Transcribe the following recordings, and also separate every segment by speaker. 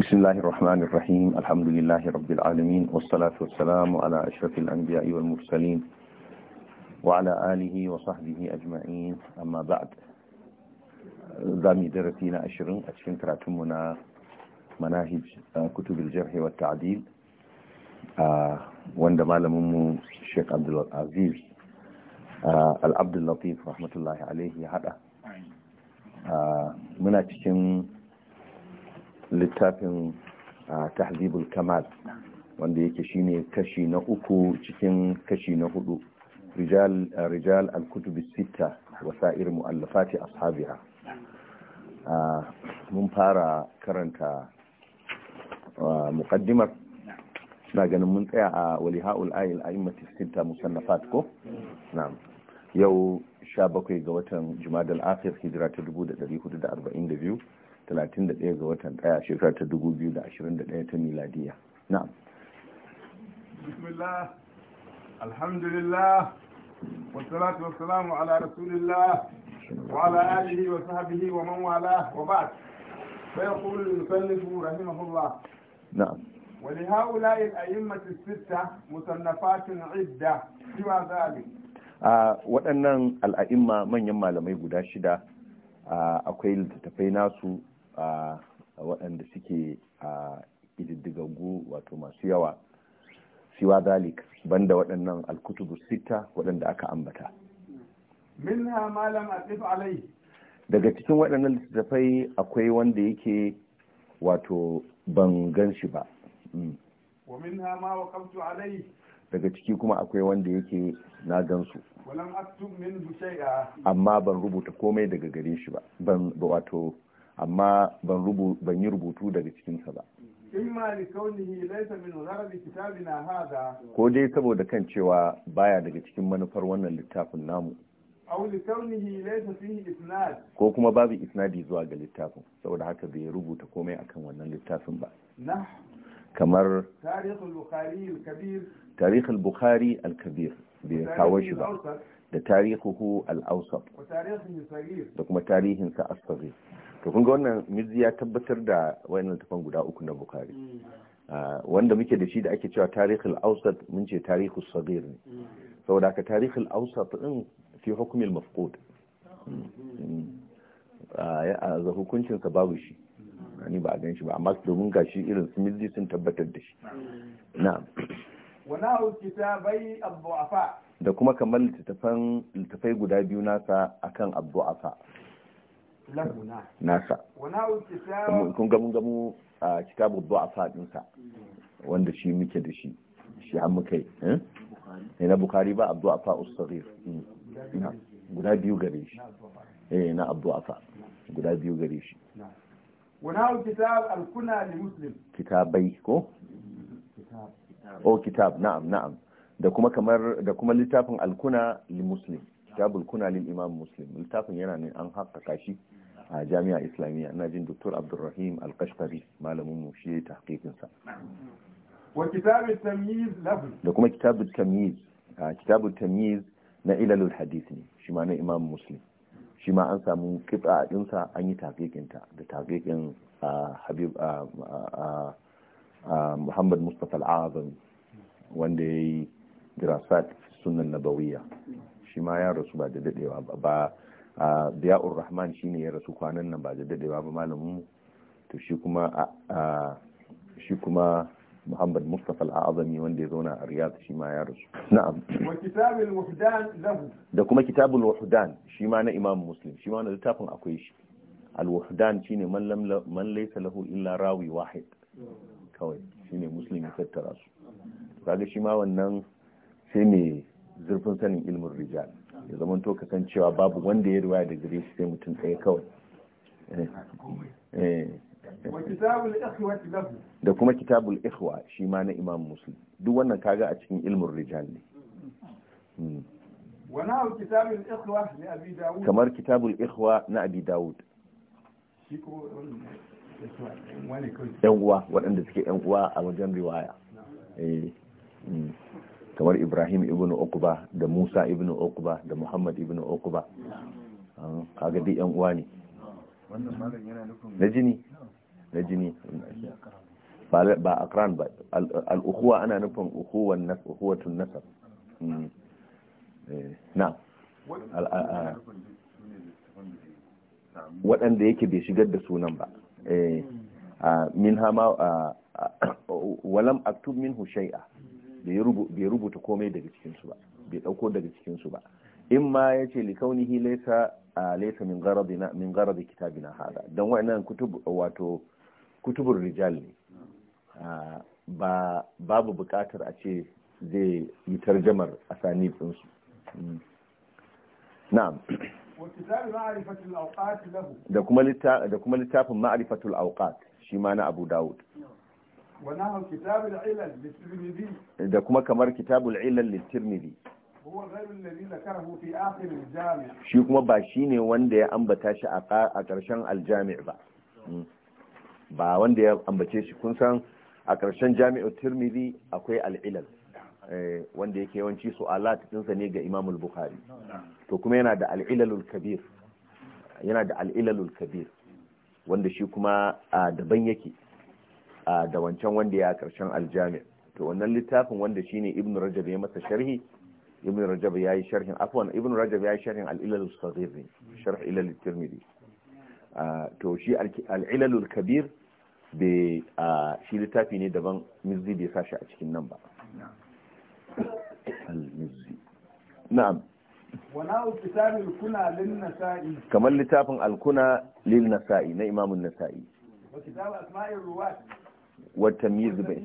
Speaker 1: بسم الله الرحمن الرحيم الحمد لله رب العالمين والصلاة والسلام على أشرف الأنبياء والمرسلين وعلى آله وصحبه أجمعين أما بعد دامي درسينا عشرين أشفين تراتمنا مناهج كتب الجرح والتعديل وان دمالمم الشيخ عبد العزيز العبد اللطيف رحمة الله عليه هذا muna cikin littafin tahzibul kamal wanda yake shine kashi na uku cikin kashi na hudu rijal al kutubi sitta wa sa'ir mu'allafati ashabiha mun fara karanta muqaddimar na ganin mun tsaya a waliha'ul ayil a'immatu sitta musannafat ko na'am yau 17 ga watan jumadal akhir hijira ta 1442 31 ga watan ɗaya shekarar ta 2021 ta miladiya
Speaker 2: na'am
Speaker 3: bismillah alhamdulillah ala rasulillah wa ala alihi wa sahbihi wa man wala wa ba'd fa al-musannif rahimahullah na'am ولهؤلاء الأئمة
Speaker 1: waɗannan al'a'imma manyan malamai guda shida akwai littattafai nasu waɗanda suke a ƙididdigaggu wato masu yawa siwa zalik banda waɗannan alkutubu sita waɗanda aka ambata
Speaker 3: Minna malam atif alai
Speaker 1: daga cikin waɗannan littattafai akwai wanda yake wato ban gan shi ba mm.
Speaker 3: wa minna ma waqaftu alai
Speaker 1: daga ciki kuma akwai wanda yake na gansu amma ban rubuta komai daga gare shi ba ban wato amma ban rubu ban yi rubutu daga cikin sa ba
Speaker 3: imma li kaunihi laysa min gharabi kitabina hada
Speaker 1: ko dai saboda kan cewa baya daga cikin manufar wannan littafin namu
Speaker 3: aw li kaunihi laysa fihi isnad
Speaker 1: ko kuma babu isnadi zuwa ga littafin saboda haka bai rubuta komai akan wannan littafin ba kamar
Speaker 3: tarikh al-bukhari al-kabir
Speaker 1: tarikh al-bukhari al-kabir bai kawo shi ba da tarihuhu al-awsat da kuma tarihin sa as to kun ga wannan mizi ya tabbatar da wayannan tafan guda uku na bukari mm. ah, wanda muke da shi da ake cewa tarihul awsat mun ce tarihul sagir ne mm. saboda haka tarihul awsat din fi hukmil mafqud mm. Ah, a hukuncin sa babu shi ni ba a gan shi ba amma domin gashi irin su mizi sun tabbatar da shi na'am
Speaker 3: wa na'u kitabai ad-du'afa
Speaker 1: da kuma kamar littattafan littattafai guda biyu nasa akan afa nasa kun gamu gamu a kitabu afa dinsa wanda shi muke da shi shi an muka yi ne eh? eh, na bukari ba abu afa ustarir mm. guda biyu gare shi eh na abu afa guda biyu gare shi
Speaker 3: ونحو كتاب الكنى لمسلم
Speaker 1: كتابي كو o kitab na'am na'am da kuma kamar da kuma littafin alkuna li muslim kitabul kuna lil imam muslim littafin yana ne an haƙƙaƙa shi a jami'a islamiyya ina jin doktor abdulrahim alkashkari malamin mu shi ya tahqiqin sa
Speaker 3: wa kitabul tamyiz lahu
Speaker 1: da kuma kitabul tamyiz kitabul tamyiz na ilalul hadith ne shi ma na imam muslim shi ma an samu kitsa a dinsa an yi tahqiqin ta da tahqiqin habib muhammad mustafa al-azam wanda yayi dirasat sunan nabawiya shi ma ya rasu ba da dadewa ba biya'ur rahman shi ne ya rasu kwanan nan ba da dadewa ba malamin to shi kuma a shi kuma muhammad mustafa al'azami wanda ya zauna a riyadh shi ma ya rasu na'am da kuma kitabul wahdan shi ma na imam muslim shi ma na littafin akwai shi al-wahdan shi ne man laysa lahu illa rawi wahid kawai Shi ne muslim ya tattara su kaga shi ma wannan sai mai zurfin sanin ilmin rijal ya zama to cewa babu wanda ya ruwaya da gare shi sai mutum ɗaya kawai eh. Eh. da kuma kitabul ikhwa shi ma na imam muslim duk wannan kaga a cikin ilmin rijal ne
Speaker 3: hmm. kamar kitabul
Speaker 1: ikhwa na abi dawud yan uwa waɗanda suke yan uwa a wajen riwaya eh. hmm. kamar ibrahim ibn uqba da musa ibn uqba da muhammad ibn uqba ah, kaga duk yan uwa ne na jini na jini ba akran ba al'ukuwa ana nufin ukuwatun nasar na waɗanda yake bai shigar da sunan ba eh, min hama walam aktub min hushai'a bai rubuta komai daga cikinsu ba bai ɗauko daga cikinsu ba in ma ya ce likaunihi laisa a laisa min garadina min garadi kitabina hada don wa'annan kutub wato kutubur rijal ne ba babu buƙatar a ce zai yi tarjamar asani ɗinsu mm. na'am da kuma littafin ma'arifatul auqat shi ma na abu dawud
Speaker 3: ونحو كتاب العلل للترمذي
Speaker 1: ده كما كمر كتاب العلل للترمذي
Speaker 3: هو غير الذي ذكره في آخر الجامع
Speaker 1: كما wanda ya ambata shi a ƙarshen aljami' ba hmm. ba wanda ya ambace shi kun san a ƙarshen jami'u tirmidhi akwai al'ilal eh, wanda yake yawanci su'alat dinsa ne ga imam bukhari to kuma yana da al'ilalul kabir yana da al'ilalul kabir wanda shi kuma daban yake da wancan wanda ya karshen aljami to wannan littafin wanda shine ibn rajab ya masa sharhi ibn rajab ya yi sharhin afwan ibn rajab ya yi sharhin al-ilal as-saghir sharh ilal at-tirmidhi to shi al-ilal al-kabir be shi littafi ne daban mizzi bai sashi a cikin nan ba al-mizzi na'am kamar littafin alkuna lil nasa'i na imamun nasa'i wata mizbai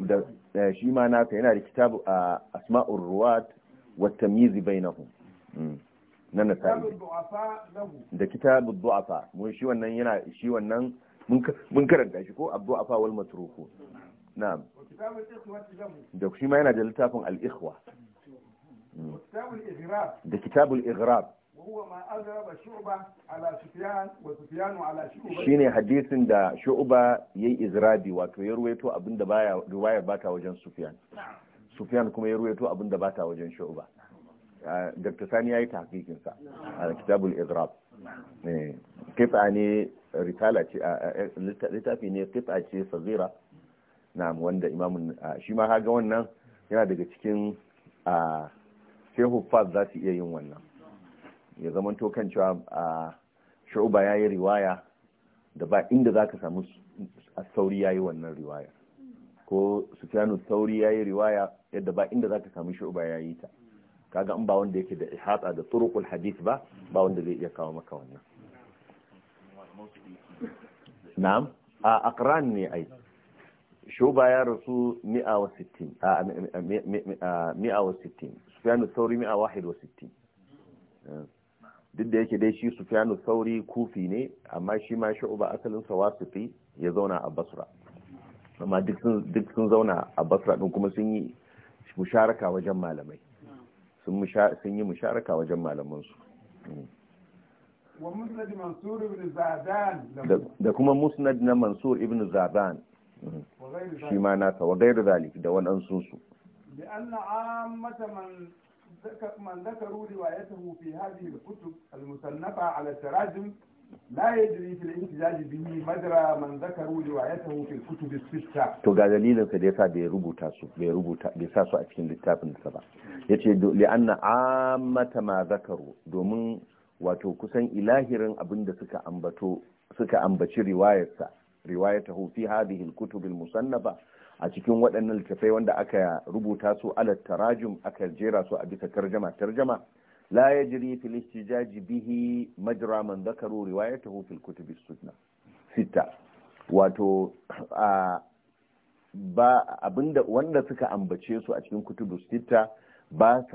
Speaker 1: da eh, shi ma yana da kitabu a asma'ur ruwat wata mizbai na mm. na nasa'i da kitabu du'afa mun shi wannan yana shi wannan mun karanta shi ko abdu afa wal matruku na'am da shi ma yana da littafin al-ikhwa da kitabul ighrab shine hadisin da shu'ba yayi izrabi wato ya ruwaito abin da baya bata wajen sufiyan sufiyan kuma ya ruwaito abin da bata wajen shu'ba ah, dr sani yayi ta hakikinsa a kitabul izrab kifa eh, ne ritala ce eh, littafi ne kifa ce sazira na wanda imamun ah, shi ma haga wannan yana daga cikin ah, shehu faz za su iya yin wannan ya zamanto kan cewa a shu'uba ya yi riwaya da ba inda za ka samu a sauri ya yi wannan riwaya ko sufyanu sauri ya yi riwaya yadda ba inda za ka samu shu'uba ya yi ta kaga in ba wanda yake da ihata da turukul hadith ba ba wanda zai iya kawo maka wannan na'am a akran ne ai shuba ya rasu 160 a 160 sufyanu sauri 161 duk da yake dai shi sufyanu sauri kufi ne amma shi ma uba asalin sa wasifi ya zauna a basra amma duk sun zauna a basra din kuma sun yi musharaka wajen malamai sun yi musharaka wajen malamansu mm. da kuma musnad na mansur ibn zaban mm. shi ma nasa wa gairu zalik da wadansu su
Speaker 3: من ذكروا روايته في هذه الكتب المصنفة على التراجم لا يجري في الاحتجاج به مجرى من ذكروا روايته في الكتب الستة to
Speaker 1: ga dalilin da yasa bai bai rubuta su a cikin littafinsa sa ba yace li anna ammata ma zakaru domin wato kusan ilahirin abin da suka ambato suka ambaci riwayarsa riwayatahu fi hadhihi al-kutub al-musannafa a cikin waɗannan littattafai wanda aka rubuta su alat tarajum aka jera su a bisa tarjama tarjama la yajri fil ihtijaj bihi majra man dhakaru riwayatahu fil kutub as-sunna sita wato ba abinda wanda suka ambace su a cikin kutubu sita ba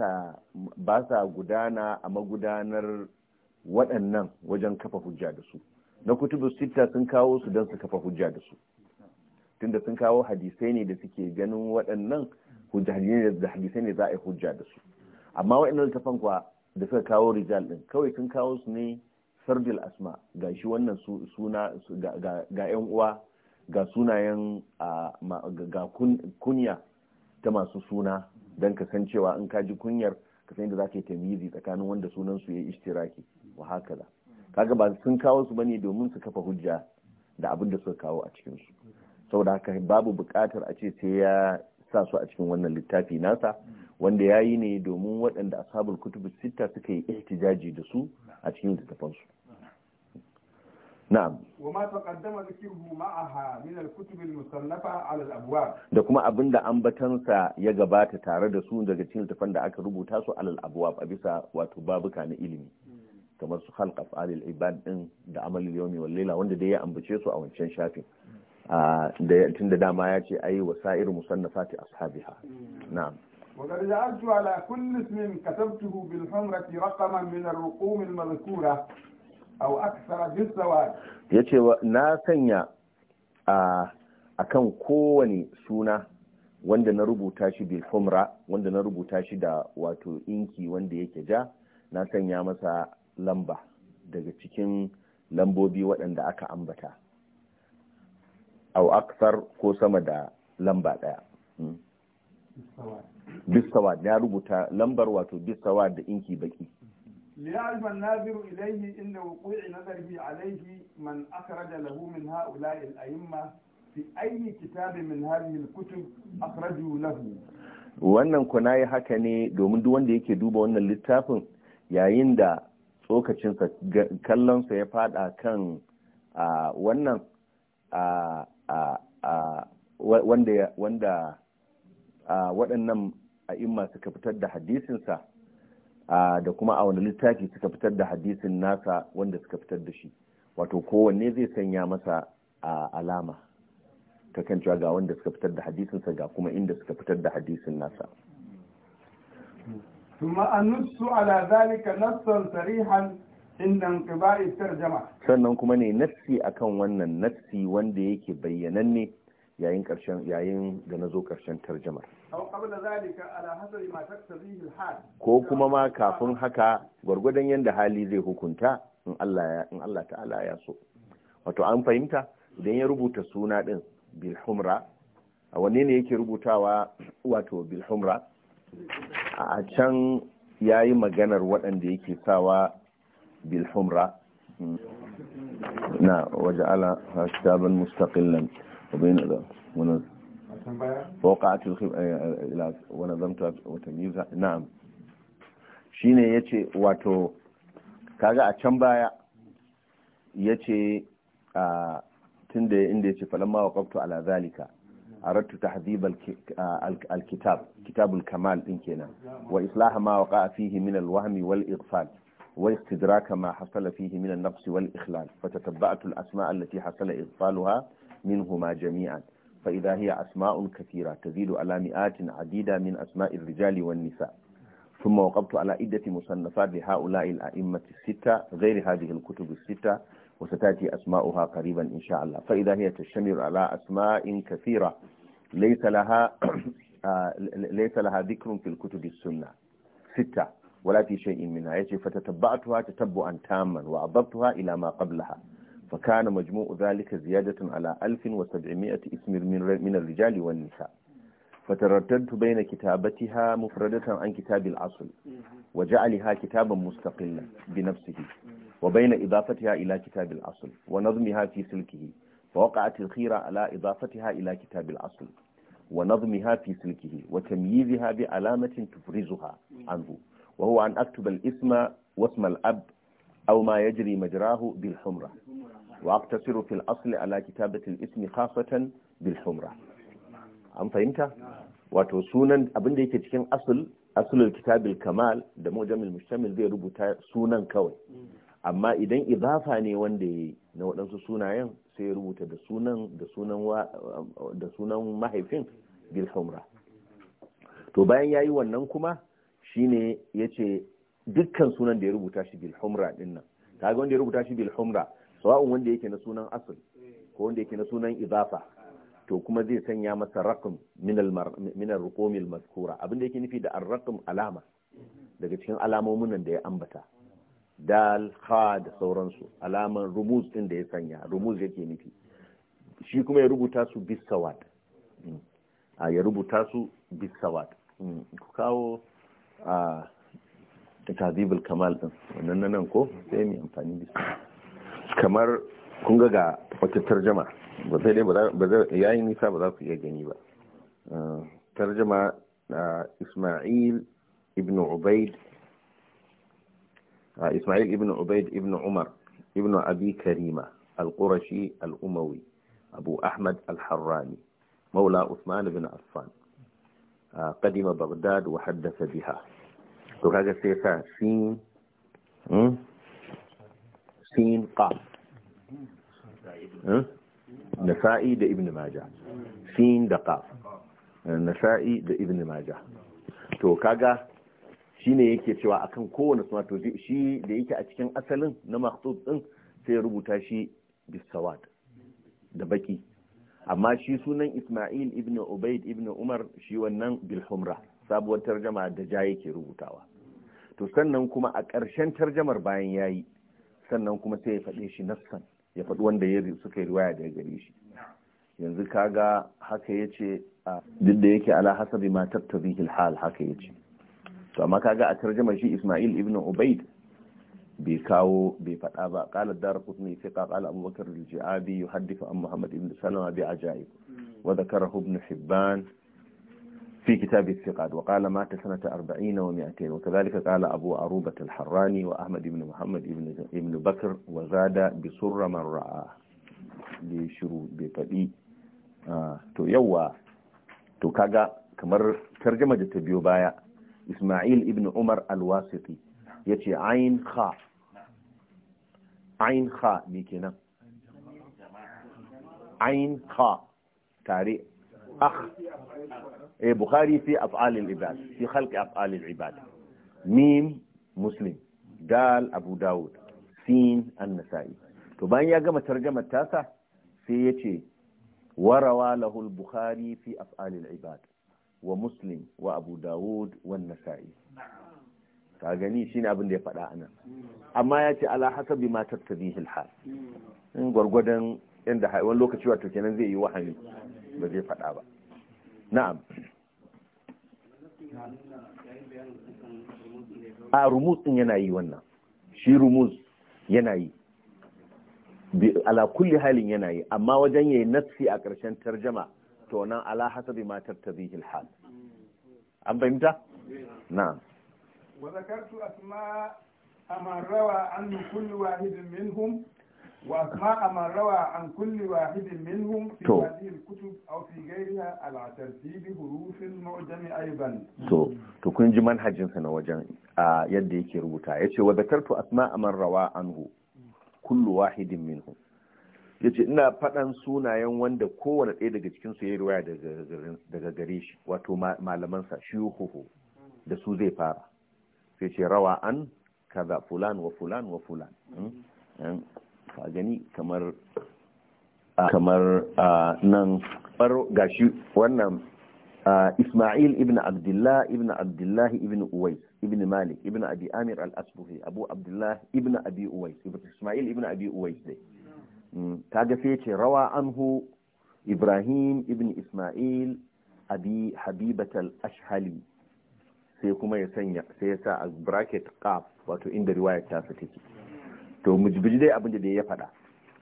Speaker 1: sa gudana a magudanar waɗannan wajen kafa hujja da su na kutubu sita sun kawo su don su kafa hujja da su tunda sun kawo hadisai ne da suke ganin waɗannan hadisai ne za a yi hujja da su amma waɗannan littafan kuwa da suka kawo rijal ɗin kawai sun kawo su ne sardil asma ga shi wannan suna ga yan uwa ga sunayen ga kunya ta masu suna don ka san cewa in ka ji kunyar ka san da za ka yi tamizi tsakanin wanda sunan su ya ishtiraki wa haka kaga ba sun kawo su bane domin su kafa hujja da abin da suka kawo a cikin su saboda haka babu buƙatar a ce sai ya sa su a cikin wannan littafi nasa wanda ya yi ne domin waɗanda ashabul kutubu sita suka yi ihtijaji da su a cikin littafansu na'am
Speaker 3: wama taqaddama dhikruhu ma'aha min al-kutub al-musannafa 'ala al-abwab
Speaker 1: da kuma abinda ambatansa ya gabata tare da su daga cikin littafan da aka rubuta su 'ala al-abwab a bisa wato babuka na ilimi kamar su halqa al-ibad din da amal al-yawmi wal wanda da ya ambace su a wancan shafin Tunda dama ya ce sa'ir wasa'ir musannafati ashabiha mm. na'am
Speaker 3: وقد جعلت على كل اسم كتبته بالحمرة رقما من الرقوم المذكورة أو
Speaker 1: akan kowane suna wanda na rubuta shi bil humra wanda na rubuta shi da wato inki wanda yake ja na sanya masa lamba daga cikin lambobi waɗanda aka ambata au aksar ko sama da lamba daya hmm. Bistawad ya rubuta lambar wato Bistawad da inki baki
Speaker 3: ليعرف الناظر إليه عند وقوع نظره عليه من أخرج له من هؤلاء الأئمة في أي كتاب من هذه الكتب أخرجوا له
Speaker 1: wannan kuna yi haka ne domin duk wanda yake duba wannan littafin yayin da tsokacinsa kallonsa ya faɗa kan wannan wanda wanda waɗannan a'imma suka fitar da hadisinsa da kuma a wani littafi suka fitar da hadisin nasa wanda suka fitar da shi wato kowanne zai sanya masa alama ta kan cewa ga wanda suka fitar da hadisinsa ga kuma inda suka fitar da hadisin nasa
Speaker 3: ثم أنص على ذلك نصا صريحا
Speaker 1: sannan kuma ne nassi akan wannan nassi wanda yake bayyananne yayin karshen yayin da nazo karshen tarjamar
Speaker 3: ko kuma ma kafin
Speaker 1: haka gwargwadon yadda hali zai hukunta in Allah ta'ala ya so wato an fahimta idan ya rubuta suna din bilhumra a wanne ne yake rubutawa wato bilhumra a can yayi maganar waɗanda yake sawa بالحمرة نعم وجعل كتابا مستقلا وبين وقعت الخب... ونظمتها وتمييزها نعم شيني يتي واتو كاغا اتشمبايا يتي آه، تندي اندي فلما وقفت على ذلك أردت تحذيب آه، الكتاب كتاب الكمال إن كنا وإصلاح ما وقع فيه من الوهم والإغفال واستدراك ما حصل فيه من النقص والإخلال فتتبعت الأسماء التي حصل إغفالها منهما جميعا فإذا هي أسماء كثيرة تزيد على مئات عديدة من أسماء الرجال والنساء ثم وقفت على عدة مصنفات لهؤلاء الأئمة الستة غير هذه الكتب الستة وستأتي أسماؤها قريبا إن شاء الله فإذا هي تشتمل على أسماء كثيرة ليس لها آه، ليس لها ذكر في الكتب السنة ستة ولا في شيء منها يتي فتتبعتها تتبعا تاما وأضبتها إلى ما قبلها فكان مجموع ذلك زيادة على 1700 اسم من الرجال والنساء فترددت بين كتابتها مفردة عن كتاب الأصل وجعلها كتابا مستقلا بنفسه وبين إضافتها إلى كتاب الأصل ونظمها في سلكه فوقعت الخيرة على إضافتها إلى كتاب الأصل ونظمها في سلكه وتمييزها بعلامة تفرزها عنه وهو أن أكتب الاسم واسم الأب أو ما يجري مجراه بالحمرة وأقتصر في الأصل على كتابة الاسم خاصة بالحمرة أم فهمت؟ وتسونا أبن ديك تكين أصل أصل الكتاب الكمال ده موجم المشتمل ذي ربطا سونا كوي amma idan idafa ne wanda ya yi na waɗansu sunayen sai ya rubuta da sunan da sunan mahaifin bilhamra to bayan ya yi wannan kuma shine yace dukkan sunan da ya rubuta shi bil humra din nan kaga wanda ya rubuta shi bil humra sawa'un wanda yake na sunan asl ko wanda yake na sunan idafa to kuma zai sanya masa raqm min al min al ruqum al mazkura abinda yake nufi da ar alama daga cikin alamomin nan da ya ambata dal kha da sauransu alaman rumuz din da ya sanya rumuz yake nufi shi kuma ya rubuta su bisawad hmm. a ya rubuta su bis hmm. ku kawo a takazibul kamal din wannan nan ko sai mu amfani da su kamar kun ga ga wata tarjama ba sai dai ba za yayin nisa ba za ku iya gani ba tarjama na Isma'il ibn Ubaid Isma'il ibn Ubaid ibn Umar ibn Abi Karima al-Qurashi al-Umawi Abu Ahmad al-Harrani مولى عثمان بن عفان kadima baghdad wa haddasa biha to kaga sai sa sin sin qaf nasa'i da ibn majah sin da qaf nasa'i da ibn majah to kaga shine yake cewa akan kowane suna to shi da yake a cikin asalin na maktub din sai rubuta shi bisawad da baki amma shi sunan Ismail ibn Ubaid ibn Umar shi wannan bilhumra sabuwar tarjama da ja yake rubutawa to sannan kuma a ƙarshen tarjamar bayan yayi sannan kuma sai ya faɗe shi nassan ya faɗi wanda ya suka yi riwaya da gare shi yanzu kaga haka yace duk da yake ala hasabi ma tattabihi hal haka yace to amma kaga a tarjamar shi Ismail ibn Ubaid bai kawo bai faɗa ba ƙala dar kutni sai ka ƙala abubakar jihabi yi haddifa an muhammad ibn salama bai ajayi hmm. wa da kara hubn hibban fi kitab al mata sanata 40 wa 200 wa kadhalika qala abu aruba al-harrani wa ahmad ibn muhammad ibn ibn wa zada bi surra man ra'a li shuru fadi ah, to yawa to kaga kamar tarjuma da ta biyo baya isma'il ibn umar al yace ayn kha ain kha me kenan tare akh eh, ibad fi khalq af'al al sin an-nasa'i to bayan ya gama tarjamar tasa sai yace warawa lahu wa muslim wa ka gani ne abin da ya faɗa anan amma ya ce ala bi ma tattabihi alhal in gwargwadon yanda wani lokaci wato kenan zai yi hannu ba zai faɗa ba na'am a rumuz din yana yi wannan shi rumuz yana yi ala kulli halin yana yi amma wajen yayi nafsi a ƙarshen tarjama to nan ala hasabi ma tattabihi hal an fahimta na'am
Speaker 3: وذكرت أسماء من روى عن كل واحد منهم وأسماء من روى عن كل واحد منهم في تو. هذه الكتب أو في غيرها على ترتيب حروف المعجم أيضا
Speaker 1: تو تو كنجي منهج سنة وجن يديك ربطا يتي وذكرت أسماء من روى عنه كل واحد منهم yace ina faɗan sunayen wanda kowane ɗaya daga cikin su ya ruwaya daga gare shi wato malamansa shi da su zai fara sai ce rawa an kaza fulan wa fulan wa fulan hmm? Hmm? ka gani kamar kamar nan gashi wannan Ismail ibn Abdullah ibn Abdullah ibn Uwais ibn Malik ibn Abi Amir al-Asbuhi Abu Abdullah ibn Abi Uwais Ismail ibn Abi Uwais dai hmm? kaga sai ce rawa anhu Ibrahim ibn Ismail Abi Habibat al-Ashhali sai kuma ya sanya sai ya sa a bracket wato inda riwayar ta sa take to mujbiji dai abin da ya faɗa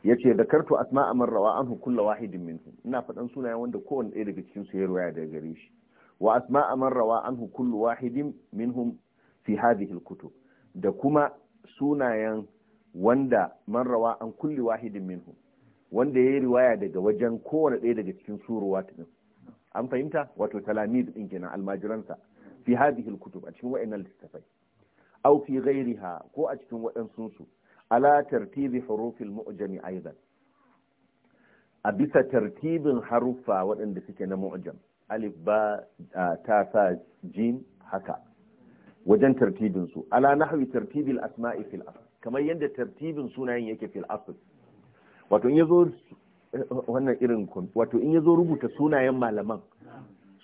Speaker 1: yace da kartu asma'a man rawa anhu kullu wahidin minhum ina faɗan sunayen wanda kowanne ɗaya daga cikin su ya riwaya daga gare shi wa asma'a man rawa anhu kullu wahidin minhum fi hadhihi alkutub da kuma sunayen wanda man rawa an kulli wahidin hum. wanda ya yi riwaya daga wajen kowane ɗaya daga cikin suruwa ɗin an fahimta wato talamid ɗin kenan almajiransa fi hadhihi alkutub a cikin wa'annan littafai aw fi ghayriha ko a cikin waɗansu su ala tartibi hurufil mu'jami aidan a bisa tartibin haruffa waɗanda suke na mu'jam alif ba ta sa jim haka wajen tartibin su ala nahwi tartibil asma'i fil asl kamar yadda tartibin sunayen yake fil asl wato in yazo wannan irin wato in yazo rubuta sunayen malaman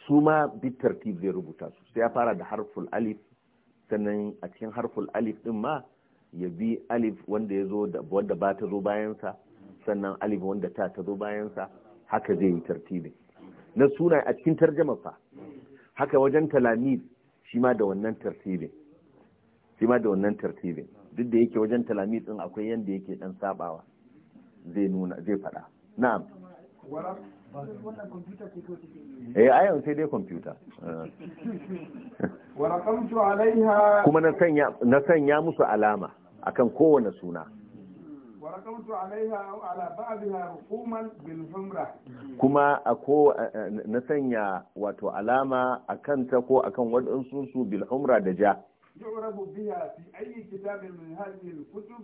Speaker 1: su ma bitartib zai rubuta su sai ya fara da harful alif sannan a cikin harful alif din ma ya bi alif wanda ya zo wanda ba ta zo bayansa sannan alif wanda ta ta zo bayansa haka zai yi tartibin na suna a cikin tarjama fa haka wajen talamid shi ma da wannan tartibin shi ma da wannan tartibin duk da yake wajen talamid din akwai yanda yake dan sabawa zai nuna zai faɗa na'am eh ayon sai dai kwamfuta kuma na sanya musu alama a kan kowane suna kuma ako na sanya wato alama a kanta ko kan waɗansu su bilhumra da ja
Speaker 3: يعرف بها في أي كتاب من هذه الكتب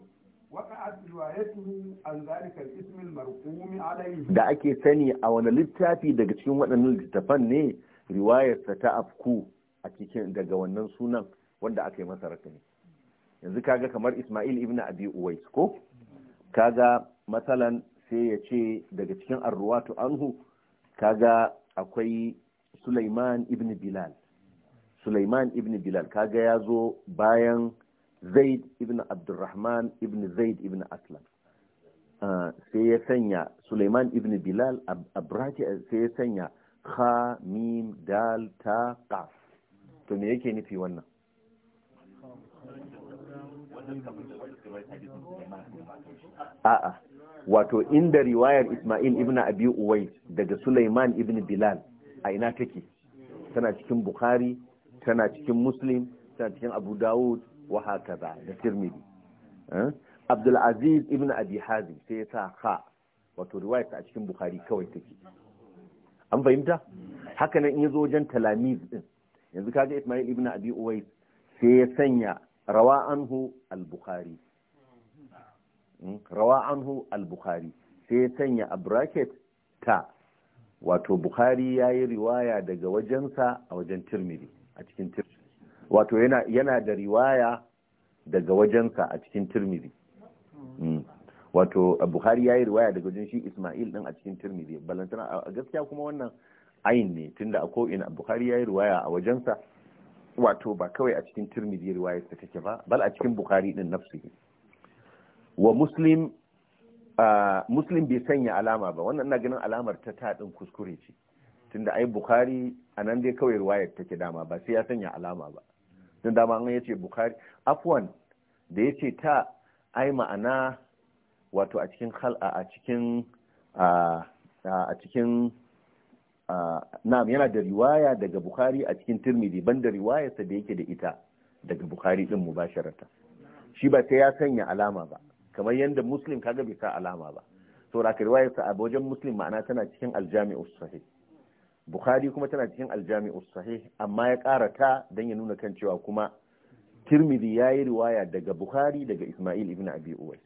Speaker 3: da
Speaker 1: ake sani a wani littafi daga cikin waɗannan littafan ne riwayarsa ta afku a cikin daga wannan sunan wanda aka yi masa rakami yanzu kaga kamar Ismail ibn Abi Uwais ko kaga matsalan sai ya ce daga cikin arruwatu anhu kaga akwai Sulaiman ibn Bilal Sulaiman ibn Bilal kaga ya zo bayan zaid ibn abdurrahman ibn zaid ibn aslam uh, sai ya sanya suleiman ibn bilal abrati uh, sai ya sanya ha mim dal ta qaf to me yake nufi wannan a'a wato inda riwayar Ismail ibn Abi Uwais daga Sulaiman ibn Bilal a ina take tana cikin Bukhari tana cikin Muslim tana cikin Abu Dawud wa hakaza da tirmidhi abdul aziz ibn abi hazim sai ya ha wato riwayat a cikin bukhari kawai take an fahimta haka nan in yazo wajen talamiz din yanzu kaga ismail ibn abi uwais sai ya sanya rawa anhu al-bukhari rawa anhu al-bukhari sai ya sanya a bracket ta wato bukhari ya yi riwaya daga wajensa a wajen tirmidhi a cikin tirmidhi wato yana da riwaya daga wajensa a cikin turmizi mm. wato Buhari ya yi riwaya daga wajen shi isma'il din a cikin turmizi balantana gaskiya kuma wannan ayin ne tunda a ko'ina ina ya yi riwaya a wajensa wato ba kawai a cikin turmizi riwayar ta take ba bal a cikin buhari din nafsihi wa muslim muslim bai sanya alama ba wannan na ganin alamar ta ta din kuskure ce tunda ai a nan dai kawai riwayar take dama ba sai ya sanya alama ba don dama an yace bukhari afwan da yace ta ai ma'ana wato a cikin a cikin a cikin na'am yana da riwaya daga bukhari a cikin tirmidhi banda riwayarsa da yake da ita daga bukhari din mubasharata shi ba sai ya sanya alama ba kamar yadda muslim kaga bai sa alama ba saboda riwayarsa a wajen muslim ma'ana tana cikin aljami'u sahih bukhari kuma tana cikin aljami'us sahih amma ya ƙara ta don ya nuna kan cewa kuma tirmidhi ya yi riwaya daga bukhari daga ismail ibn abi uwais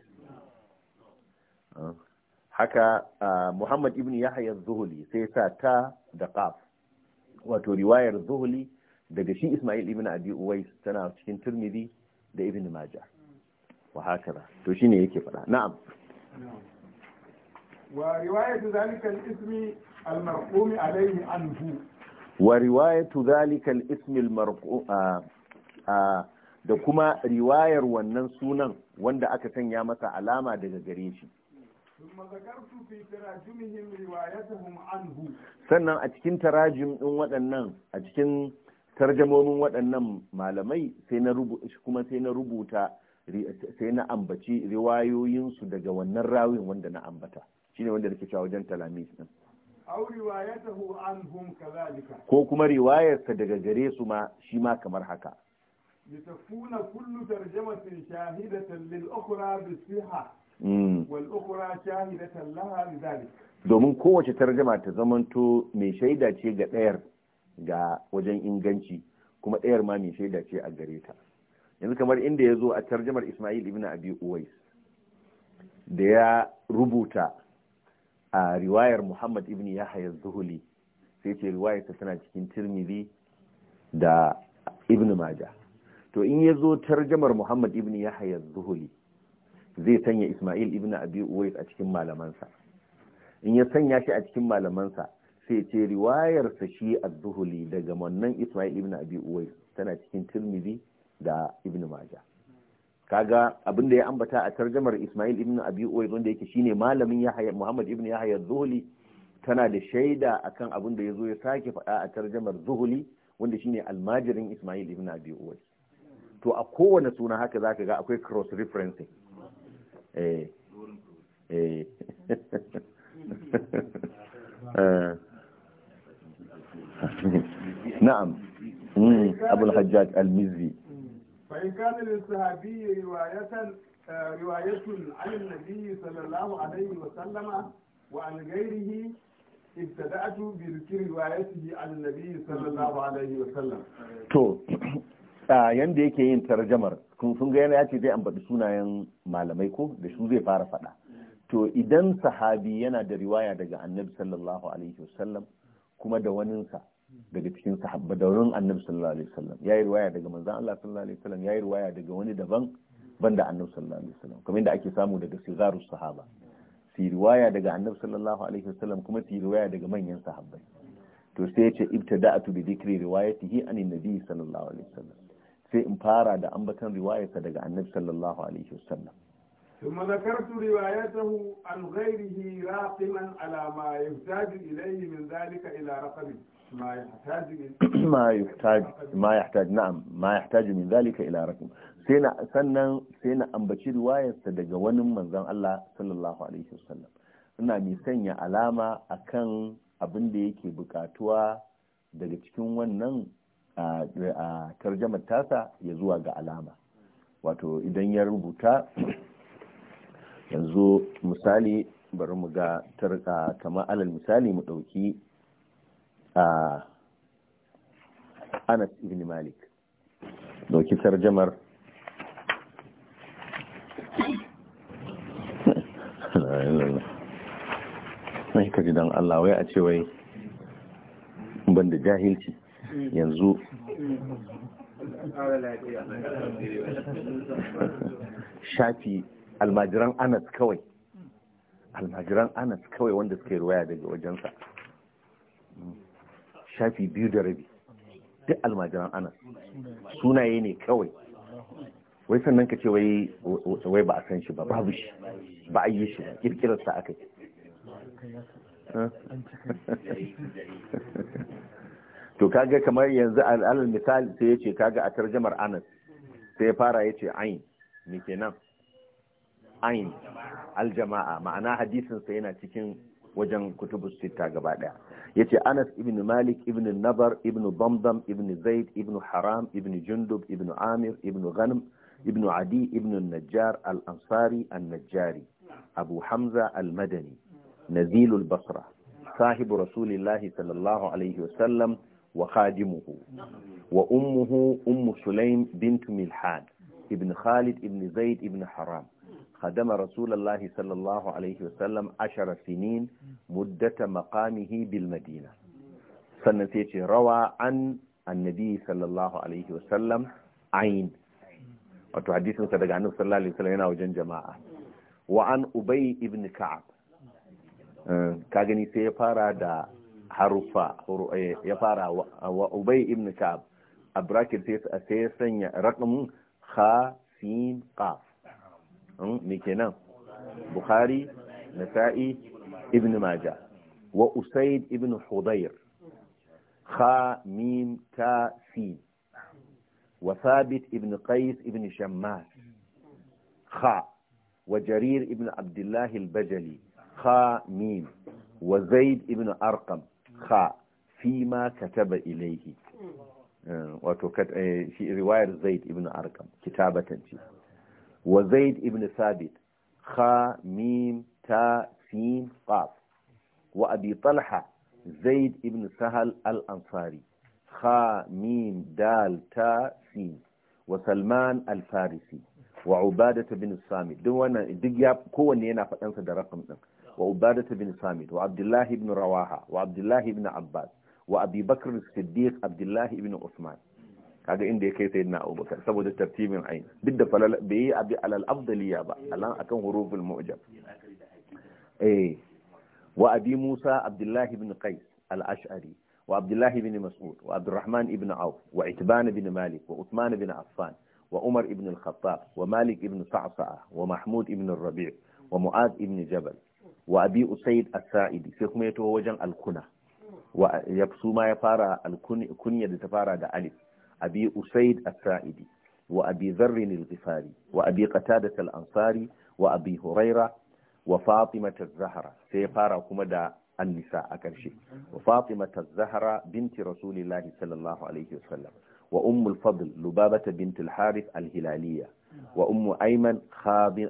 Speaker 1: haka muhammad ibn yahya zuhuli sai sa ta da qaf wato riwayar zuhuli daga shi ismail ibn abi uwais tana cikin tirmidhi da ibn majah wa haka to shine yake faɗa na'am wa riwayatu zalika
Speaker 3: al-ismi المرقوم عليه عنه
Speaker 1: ورواية ذلك الاسم المرقوم da kuma riwayar wannan sunan wanda aka sanya masa alama daga gare shi sannan a cikin tarajim ɗin waɗannan a cikin tarjamomin waɗannan malamai sai na kuma sai na rubuta sai na ambaci riwayoyinsu daga wannan rawin wanda na ambata shine wanda nake cewa wajen talamis ɗin ko kuma riwayarsa daga gare su ma shi ma kamar haka
Speaker 3: لتكون كل ترجمة شاهدة للأخرى
Speaker 1: domin kowace tarjama ta zamanto mai shaida ce ga ɗayar ga wajen inganci kuma ɗayar ma mai shaida ce a gare ta yanzu kamar inda ya zo a tarjamar ismail ibn abi uwais da ya rubuta a riwayar muhammad ibn yahya zuhuli sai ce riwayar ta tana cikin tirmidhi da ibn majah to in ya zo tarjamar muhammad ibn yahya zuhuli zai sanya ismail ibn abi uwais a cikin malamansa in ya sanya shi a cikin malamansa sai ce riwayarsa shi az-zuhuli daga wannan ismail ibn abi uwais tana cikin tirmidhi da ibn majah kaga abin da ya ambata a tarjamar Ismail ibn Abi Uwais wanda yake shine malamin Yahya Muhammad ibn Yahya Zuhli tana da shaida akan abin da yazo ya sake faɗa a tarjamar Zuhli wanda shine almajirin Ismail ibn Abi Uwais to a kowane suna haka zaka ga akwai cross referencing eh, eh. na'am
Speaker 3: hmm, abul hajjaj al-mizzi فإن كان للصحابي رواية رواية عن النبي صلى الله عليه وسلم وعن غيره ابتدأت بذكر روايته عن النبي صلى الله عليه وسلم
Speaker 1: تو yanda yake yin tarjamar kun sun ga yana yace zai ambaci sunayen malamai ko da su zai fara fada to idan sahabi yana da riwaya daga annabi sallallahu alaihi wasallam kuma da waninsa daga cikin sahabba da wurin annabi sallallahu alaihi wasallam riwaya daga manzon Allah sallallahu alaihi wasallam riwaya daga wani daban banda annabi sallallahu alaihi wasallam kamar yadda ake samu daga sigaru sahaba si riwaya daga annabi sallallahu alaihi wasallam kuma si riwaya daga manyan sahabbai to sai yace ibtada'tu bi dhikri riwayatihi anin nabi sallallahu alaihi wasallam sai in fara da ambaton riwayarsa daga annabi sallallahu alaihi wasallam
Speaker 3: ثم ذكرت روايته عن غيره راقما على ما يحتاج إليه من ذلك إلى رقمه ma yuhtaj
Speaker 1: ma yuhtaj na'am ma yuhtaj min zalika ila rakm sai na sannan sai na ambaci riwayarsa daga wani manzon Allah sallallahu alaihi wasallam ina mai sanya alama akan abin da yake bukatuwa daga cikin wannan a tarjamar tasa ya zuwa ga alama wato idan ya rubuta yanzu misali bari mu ga tarka kamar alal misali mu ɗauki Ah, anas ibn malik doki tarjamar Ka ji don Allah wai a ce wai ban da jahilci yanzu shafi almajiran anas kawai almajiran anas kawai wanda suka yi ruwaya daga wajensa shafi biyu da rabi duk almajiran anas sunaye ne kawai wai sannan ka ce wai ba a san shi ba babu shi ba a yi shi sa aka yi to kaga kamar yanzu alal misali sai ya ce kaga a tarjamar anas sai ya fara ya ce ayin me kenan ayin aljama'a ma'ana hadisinsa yana cikin wajen kutubu sita gaba daya yace Anas ibn Malik ibn Nabar ibn Damdam ibn Zaid ibn Haram ibn Jundub ibn Amir ibn Ghanm ibn Adi ibn Najjar al-Ansari an-Najjari Abu Hamza al-Madani Nazil al-Basra صاحب رسول الله صلى الله عليه وسلم وخادمه وأمه أم سليم بنت ملحان ابن خالد ابن زيد ابن حرام خدم رسول الله صلى الله عليه وسلم عشر سنين مدة مقامه بالمدينة سنتيجي روى عن النبي صلى الله عليه وسلم عين وتحديث صدق عنه صلى الله عليه وسلم وجن جماعة وعن أبي ابن كعب كاغني سيفارا دا حرفا يفارا وأبي ابن كعب أبراكي سيسن رقم خاسين قاف نكنا بخاري نسائي ابن ماجه وأسيد ابن حضير خا ميم كا سين وثابت ابن قيس ابن شماس خا وجرير ابن عبد الله البجلي خا ميم وزيد ابن أرقم خا فيما كتب إليه آه، وتكت آه، في رواية زيد ابن أرقم كتابة wa zaid ibn sabit kha mim ta sin qaf wa abi talha zaid ibn sahal al ansari kha mim dal ta sin wa salman al farisi wa ubadata bin samit duk wannan duk ya kowanne yana faɗansa da rakam din wa ubadata bin samit wa abdullahi ibn rawaha wa abdullahi ibn abbas wa abi bakr as-siddiq abdullahi ibn usman kaga inda ya kai sai na abubakar saboda tartibin ayin duk da falal bai yi abi alal afdaliya ba alan akan hurufin mu'jam eh wa abi musa Abdullahi ibn qais al-ash'ari wa abdullahi ibn mas'ud wa abdurrahman ibn auf wa itban ibn malik wa uthman ibn affan wa umar ibn al-khattab wa malik ibn sa'sa'a wa mahmud ibn rabi' wa mu'ad ibn jabal wa abi usaid as-sa'idi sai kuma ya taho wajen al-kuna wa ya ma ya fara al-kunya da ta fara da alif أبي أسيد السائدي وأبي ذر الغفاري وأبي قتادة الأنصاري وأبي هريرة وفاطمة الزهرة سيفارة كمدا النساء أكرشي وفاطمة الزهرة بنت رسول الله صلى الله عليه وسلم وأم الفضل لبابة بنت الحارث الهلالية وأم أيمن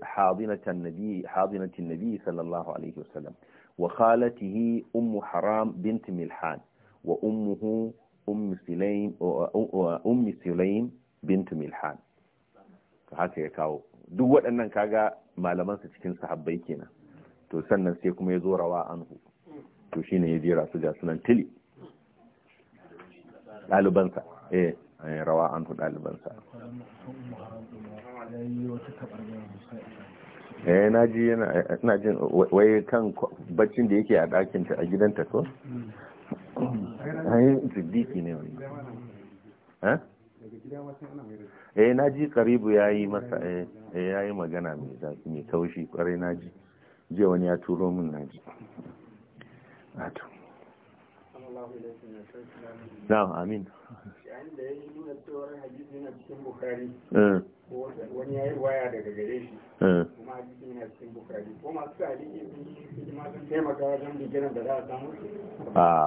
Speaker 1: حاضنة النبي, حاضنة النبي صلى الله عليه وسلم وخالته أم حرام بنت ملحان وأمه ummi Sulayn bintu milhan haka ya kawo duk waɗannan kaga malamansa cikin sahabbai kenan to sannan sai kuma ya zo rawa anhu to shine ya jera su ga sunan tili ɗalibansa eh, eh rawa anhu ɗalibansa eh na ji yana ina jin wai kan baccin da yake a ɗakinta a gidanta ko ainihin siddiqi ne
Speaker 2: wani
Speaker 1: eh na ji karibu ya yi masa eh, eh ya yi magana mai zafi mai taushi kwarai na ji jiya wani ya turo min na ji na'am amin da ya yi
Speaker 3: nuna hadisi na cikin bukari wani ya yi waya daga gare shi kuma hadisi na cikin bukari ko masu hadisi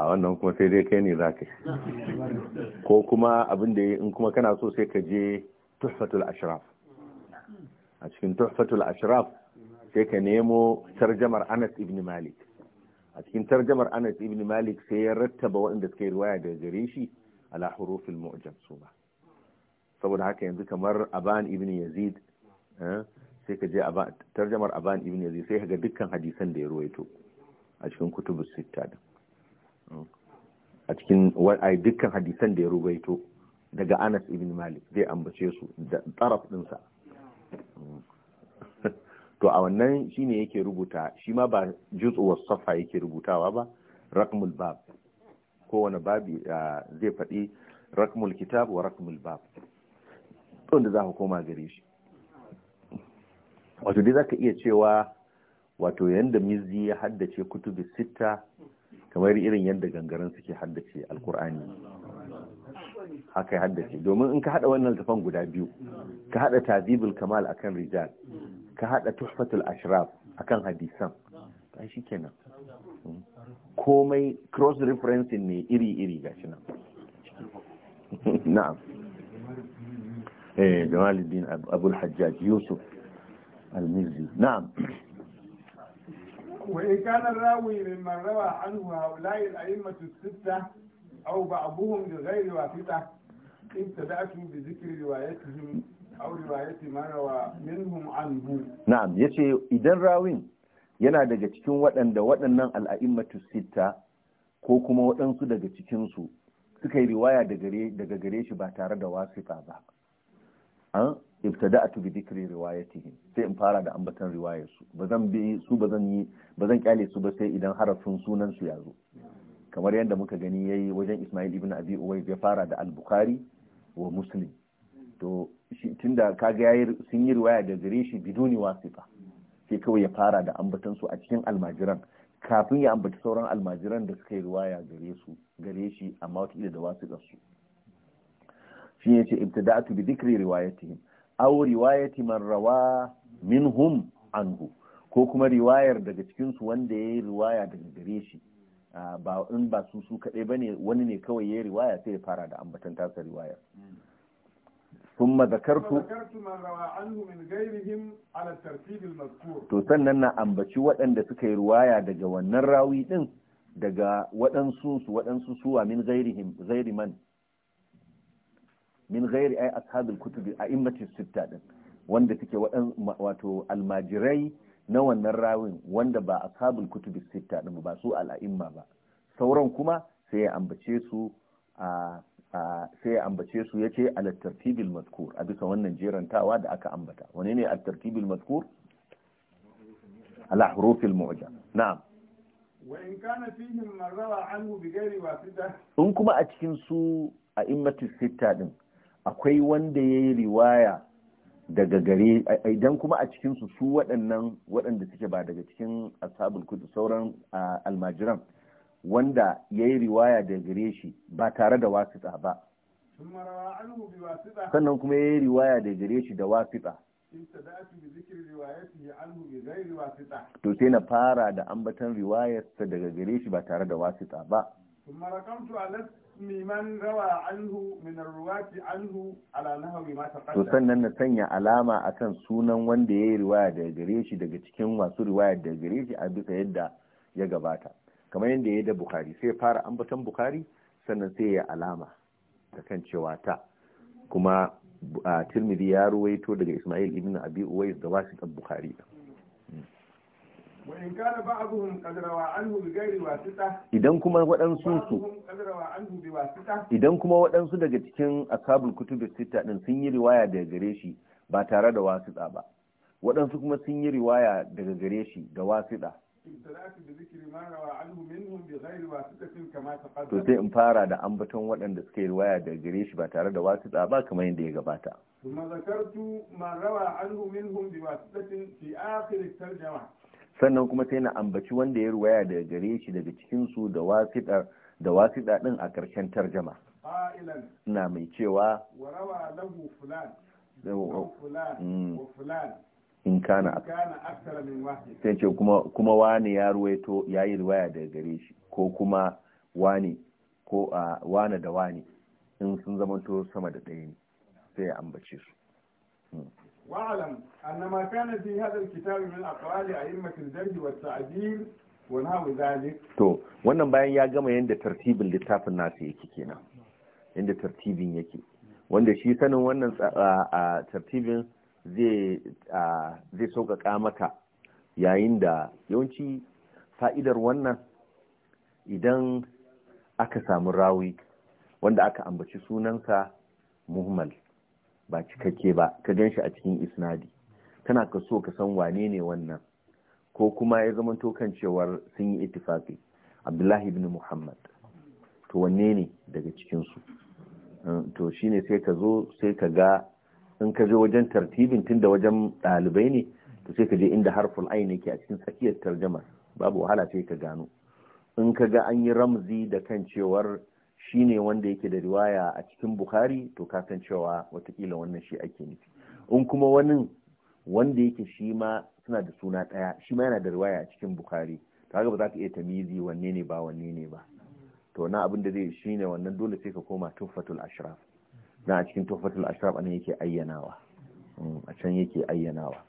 Speaker 1: wannan kuma sai dai kai ne za ka ko kuma abin in kuma kana so sai ka je tuhfatul ashraf a cikin tuhfatul ashraf sai ka nemo tarjamar anas ibn malik a cikin tarjamar anas ibn malik sai ya rattaba waɗanda suka yi riwaya daga gare shi ala hurufil mu'jam su ba saboda haka yanzu kamar aban ibn yazid eh, sai ka je tarjamar aban ibn yazid sai ka ga dukkan hadisan da ya ruwaito a cikin kutubus sitta a cikin dukkan hadisan da ya ruwaito daga anas ibn malik zai ambace su da taraf ɗinsa to a wannan shine yake rubuta shi ma ba wa safa yake rubutawa ba rakmul bab wani babi zai faɗi rakmul kitab wa rakmul bab wanda za ku koma gare shi wato dai za ka iya cewa wato yadda mizzi ya haddace kutubi sita kamar irin yadda gangaren suke haddace alkur'ani haka ya haddace domin in ka hada wannan littafan guda biyu ka hada tazibul kamal akan rijal ka hada tuhfatul ashraf akan hadisan ai shikenan komai cross referencing ne iri iri gashi nan na'am eh jamaluddin abul hajjaj yusuf al-mizzi na'am
Speaker 3: وإن كان الراوي ممن روى عنه هؤلاء الأئمة الستة أو بعضهم لغير واسطة ابتدأت بذكر روايتهم
Speaker 1: na'am ce idan rawin yana daga cikin waɗanda waɗannan al'a'immatu sita ko kuma waɗansu daga cikinsu suka yi riwaya daga gare shi ba tare da wasifa ba an ibtada'atu bi dhikri riwayatihim sai in fara da ambatan riwayarsu. su zan bi su ba zan yi ba zan kyale su ba sai idan harafin sunansu ya zo. kamar yadda muka gani yayi wajen Ismail ibn Abi Uwais ya fara da al-Bukhari wa Muslim to tunda kaga yayi sun yi riwaya da gare shi biduni wasifa sai kawai ya fara da ambatan su a cikin almajiran kafin ya ambaci sauran almajiran da suka yi riwaya gare su gare shi amma wata ila da wasifa su shi ne ce ibtida'atu bi dhikri riwayatihim aw riwayati man rawa minhum anhu ko kuma riwayar daga cikin su wanda yayi riwaya daga gare shi ah, ba in ba su su kaɗai bane wani ne kawai yayi riwaya sai ya fara da ambatan tasa riwayar hmm. ثم ذكرت to sannan na ambaci waɗanda suka yi ruwaya daga wannan rawi din daga waɗansu su waɗansu suwa min ghairihim ghairi man min ghairi ay ashabul kutubi a immati sitta din wanda suke waɗan wato almajirai na wannan rawin wanda ba ashabul kutubi sitta din ba su al'a'imma ba sauran kuma sai ya ambace su sai ya ambace su ya ce alattartibil mazkur a bisa wannan jerantawa da aka ambata wani ne alattartibil mazkur alahrufil mu'jam na'am in kuma a cikin su a immatis sita din akwai wanda ya yi riwaya daga gare idan kuma a cikin su su waɗannan waɗanda suke ba daga cikin ashabul kudu sauran almajiran wanda ya yi riwaya da gare shi ba tare da wasita ba sannan kuma ya yi riwaya da gare shi da wasita to sai na fara da ambatan riwayarsa daga gare shi ba tare da wasita ba to sannan na sanya alama akan sunan wanda ya yi riwaya da gare shi daga cikin masu riwaya da gare shi a bisa yadda ya gabata kamar yadda ya da bukari sai fara ambaton bukari sannan sai ya alama da kan cewa ta kuma a tirmidhi ya ruwaito daga ismail ibn abi uwai da wasu ɗan bukari idan kuma waɗansu su idan kuma waɗansu daga cikin ashabul kutubus sita din sun yi riwaya daga gare shi ba tare da wasu ba waɗansu kuma sun yi riwaya daga gare shi da wasu
Speaker 3: to sai in fara
Speaker 1: da ambaton waɗanda suka yi riwaya da gare shi ba tare da wasiƙa ba kamar yadda ya gabata sannan kuma sai na ambaci wanda ya riwaya da gare shi daga cikinsu da wasiƙa da wasiƙa din a ƙarshen tarjama ina mai cewa
Speaker 3: wa rawa lahu fulan
Speaker 1: fulan mm. in kana sai ce kuma kuma wani ya ruwaito ya yi riwaya daga gare shi ko kuma wani ko a wani da wani in sun zama to sama da ɗaya ne sai ya ambace su
Speaker 3: واعلم أن ما كان في a yi من أقوال wa الجرح wani ونحو ذلك
Speaker 1: to wannan bayan ya gama yanda tartibin littafin nasu yake kenan yanda tartibin yake wanda shi sanin wannan tartibin zai sauƙaƙa maka yayin da yawanci fa'idar wannan idan aka samu rawi wanda aka ambaci sunansa muhammad ba cikakke ba ka gan shi a cikin isnadi kana ka so ka san wane ne wannan ko kuma ya zama tokan cewar sun yi ittifaqi abdullahi ibn muhammad to wanne ne daga cikinsu to shine sai ka zo sai ka ga in ka je wajen tartibin tun da wajen ɗalibai ne to sai ka je inda harful ain yake a cikin tsakiyar tarjamar babu wahala sai ka gano in ka ga an yi ramzi da kan cewar shi ne wanda yake da riwaya a cikin bukari to ka san cewa watakila wannan shi ake nufi in kuma wani wanda yake shi ma suna da suna ɗaya shi ma yana da riwaya a cikin bukhari to haka ba za ka iya tamizi wanne ne ba wanne ne ba to na abin da zai shi ne wannan dole sai ka koma tuffatul ashraf na a cikin tofatul ashraf anan yake ayyanawa mm, a can yake ayyanawa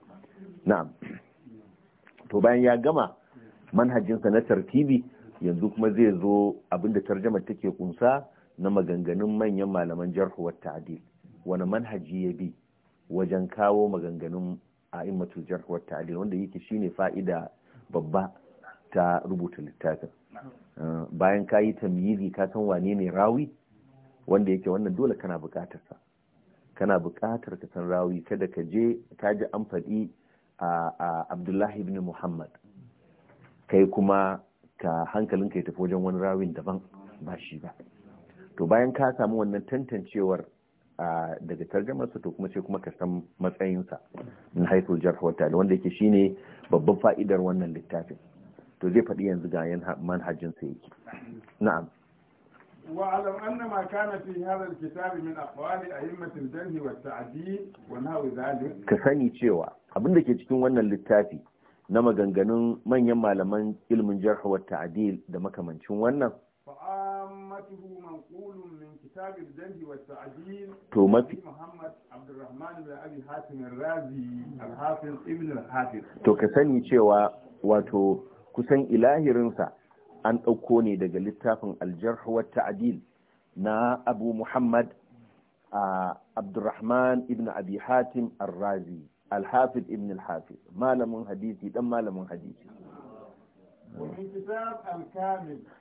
Speaker 1: na'am to bayan ya gama manhajinsa na tartibi yanzu kuma zai zo abinda tarjamar take kunsa na maganganun manyan malaman jarhuwar tadil wani manhaji ya bi wajen kawo maganganun a'immatul jarhuwar tadil wanda yake shine fa'ida babba ta rubuta littafin uh, bayan kayi yi tamyizi ka san wane ne rawi wanda yake wannan dole kana buƙatar sa kana buƙatar ka san rawi kada ka je ka ji an faɗi a Abdullahi ibn Muhammad kai kuma ka hankalin ka tafi wajen wani rawin daban ba shi ba to bayan ka samu wannan tantancewar daga tarjamarsa to kuma sai kuma ka san matsayinsa na haithul jarh wa wanda yake shine babban fa'idar wannan littafin to zai faɗi yanzu ga yan manhajinsa yake na'am
Speaker 3: واعلم ان ما كان في هذا الكتاب من اقوال ائمه الجنه والتعديل ونحو ذلك
Speaker 1: cewa abin da ke cikin wannan littafi na maganganun manyan malaman ilmin jarh wa ta'dil da makamancin wannan
Speaker 3: to mafi Muhammad bin to ka
Speaker 1: sani cewa wato kusan ilahirinsa an ɗauko ne daga littafin aljarh wa ta'dil na abu muhammad abdurrahman ibn abi hatim ar-razi al-hafiz ibn al malamin hadisi dan malamin hadisi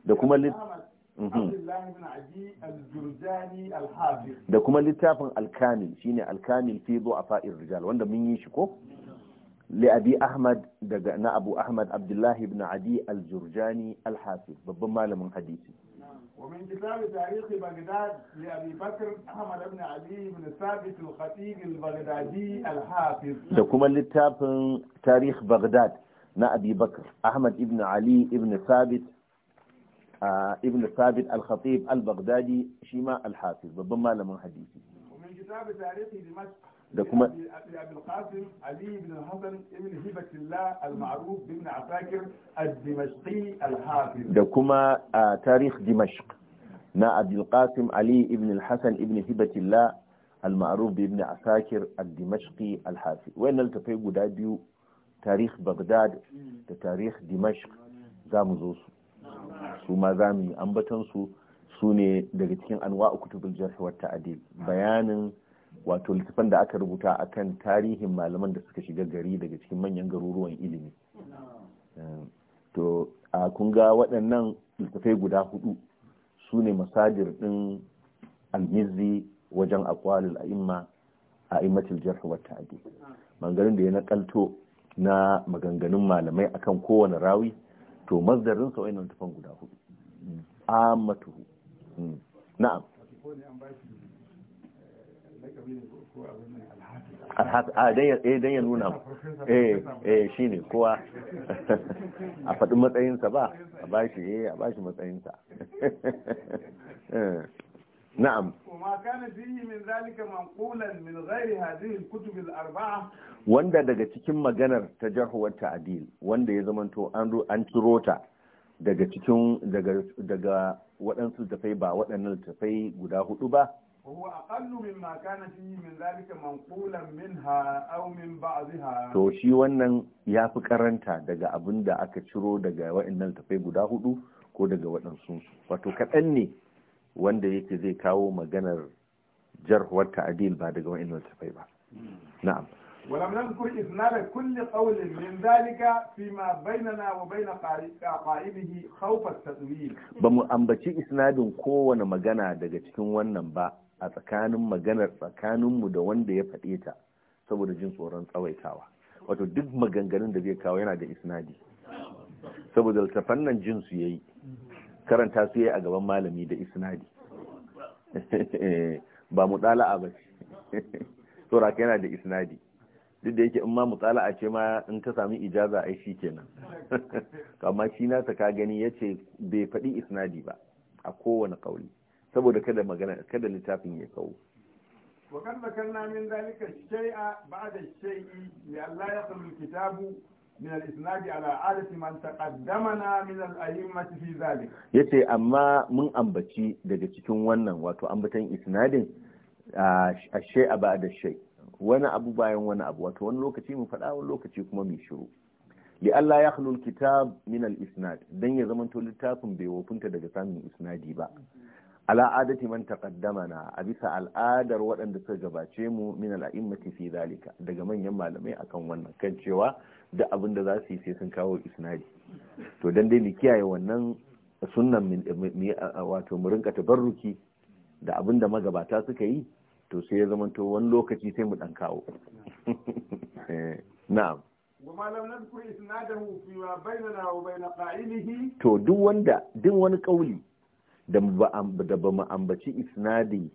Speaker 1: da kuma mhm. da kuma littafin alkamil shine alkamil fi du'afa rijal wanda mun yi shi ko لأبي أحمد دقنا أبو أحمد عبد الله بن عدي الجرجاني الحافظ ببما لم حديثي
Speaker 3: ومن كتاب تاريخ بغداد لأبي بكر أحمد بن علي بن ثابت الخطيب البغدادي الحافظ تكما
Speaker 1: لتاب تاريخ بغداد نا أبي بكر أحمد بن علي بن ثابت آه ابن ثابت الخطيب البغدادي شيما الحافظ ببما لم حديثي
Speaker 3: ومن كتاب تاريخ دمشق da kuma
Speaker 1: da kuma a tarih dimashq na abdulkasim ali ibn al-hassan ibn hibatillah al-ma'ruf bi ibn asakir al-dimashqi al-hafi wayan altafai guda biyu tarih baghdad da tarih dimashq zamu zo su su ma zamu ambatan su sune daga cikin anwa'u kutubul jarh wa ta'dil bayanin wato littafan da aka rubuta akan tarihin malaman da suka shiga gari daga cikin manyan garuruwan ilimi eh, to a kun ga waɗannan littafai guda hudu su ne masajir ɗin almizzi wajen akwalul a'imma a imatul jarh wa ake mangarin da ya nakalto na maganganun malamai akan kowane rawi to mazdarin sa wayannan littafan guda hudu amatu hmm. na'am Ah, eh, dan ya nuna mu eh, eh shi ne, kowa a faɗi matsayinsa ba a eh a
Speaker 3: وما كان فيه من ذلك منقولا من غير هذه الكتب
Speaker 1: wanda daga cikin maganar ta jahuwar tadil wanda ya zamanto an an ciro ta daga cikin daga daga waɗansu tafai ba waɗannan tafai guda hudu ba
Speaker 3: وهو أقل مما كان فيه من ذلك منقولا منها من بعضها to
Speaker 1: shi wannan ya fi karanta daga abin da aka ciro daga wa'annan tafai guda hudu ko daga waɗansu wato kaɗan ne wanda yake zai kawo maganar wata ta'adil ba daga wa'annan tafai ba na'am
Speaker 3: kulli نذكر min كل fi ma ذلك wa qa'ibihi khawfa
Speaker 1: ambaci isnadin kowane magana daga cikin wannan ba a tsakanin maganar tsakaninmu da wanda ya faɗe ta saboda jin tsoron tsawaitawa wato duk maganganun da zai kawo yana da isnadi saboda littafan nan jin su yayi karanta su yayi a gaban malami da isnadi ba mu tsala a ba saboda yana da isnadi duk da yake in ma mu tsala a ce ma in ka sami ijaza ai shi kenan amma shi na nasa ka gani ya ce bai faɗi isnadi ba a kowane ƙauli saboda kada magana kada littafin ya kawo
Speaker 3: shay'a ba'da shay'i ذلك Allah ya kullu kitabu min al-isnad ala على man taqaddamana min al الأئمة fi zalik
Speaker 1: yace amma mun ambaci daga cikin wannan wato ambatan isnadin a shay'a ba'da shay'i wani abu bayan wani abu wato wani lokaci mu faɗa wani lokaci kuma mai shiru li Allah ya khulul kitab min al isnad dan ya zamanto littafin bai wofinta daga samun isnadi ba ala adati man taqaddamana a bisa al'adar waɗanda suka gabace mu min al'immati fi zalika daga manyan malamai akan wannan kan cewa duk abin da za su yi sai sun kawo isnadi to dan dai mu kiyaye wannan sunnan wato mu rinka tabarruki da abin da magabata suka yi to sai ya zamanto wani lokaci sai mu dan kawo eh, na'am to duk wanda duk wani kauli da ba mu ambaci isnadi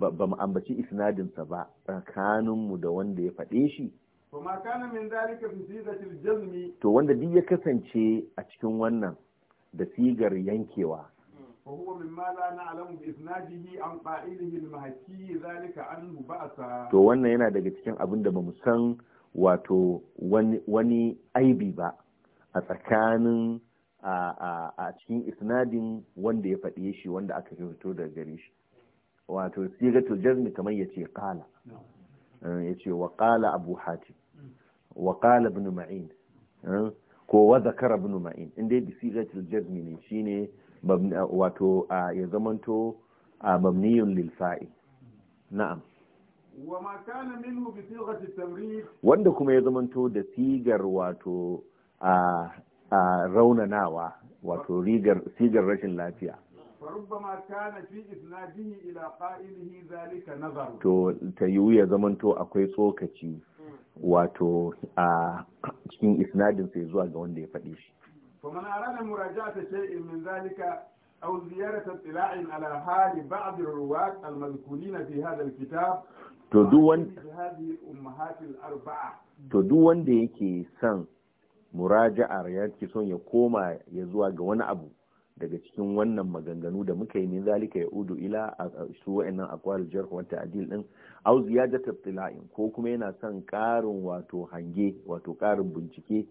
Speaker 1: ba mu isnadinsa ba tsakaninmu da wanda ya faɗe shi to wanda duk ya kasance a cikin wannan da sigar yankewa To wannan yana daga cikin abin da bamu san wato wani aibi ba a tsakanin a cikin isnadin wanda ya faɗi shi wanda aka fito daga gare shi wato sigatul jazmi kamar ya ce kala eh, ya ce wa kala abu hati wa kala binu ma'in eh, ko wa zakara binu ma'in inda bi sigatul jazmi ne shine wato ya zamanto mamniyun lilfa'i na'am wanda kuma ya zamanto da sigar wato a a raunanawa wato sigar rashin lafiya to ta yiwu ya zamanto akwai tsokaci wato a cikin isnadin sai zuwa ga wanda ya faɗi shi فمن
Speaker 3: أراد مراجعة شيء من ذلك أو زيارة اطلاع على حال بعض الرواة المذكورين في هذا الكتاب الأمهات
Speaker 1: duk wanda yake son muraja'ar ya ke son ya koma ya zuwa ga wani abu daga cikin wannan maganganu da muka yi min zalika ya udu ila a su wa'annan akwal jarh wa ta'dil din au ziyadat ibtila'in ko kuma yana son karin wato hange wato karin bincike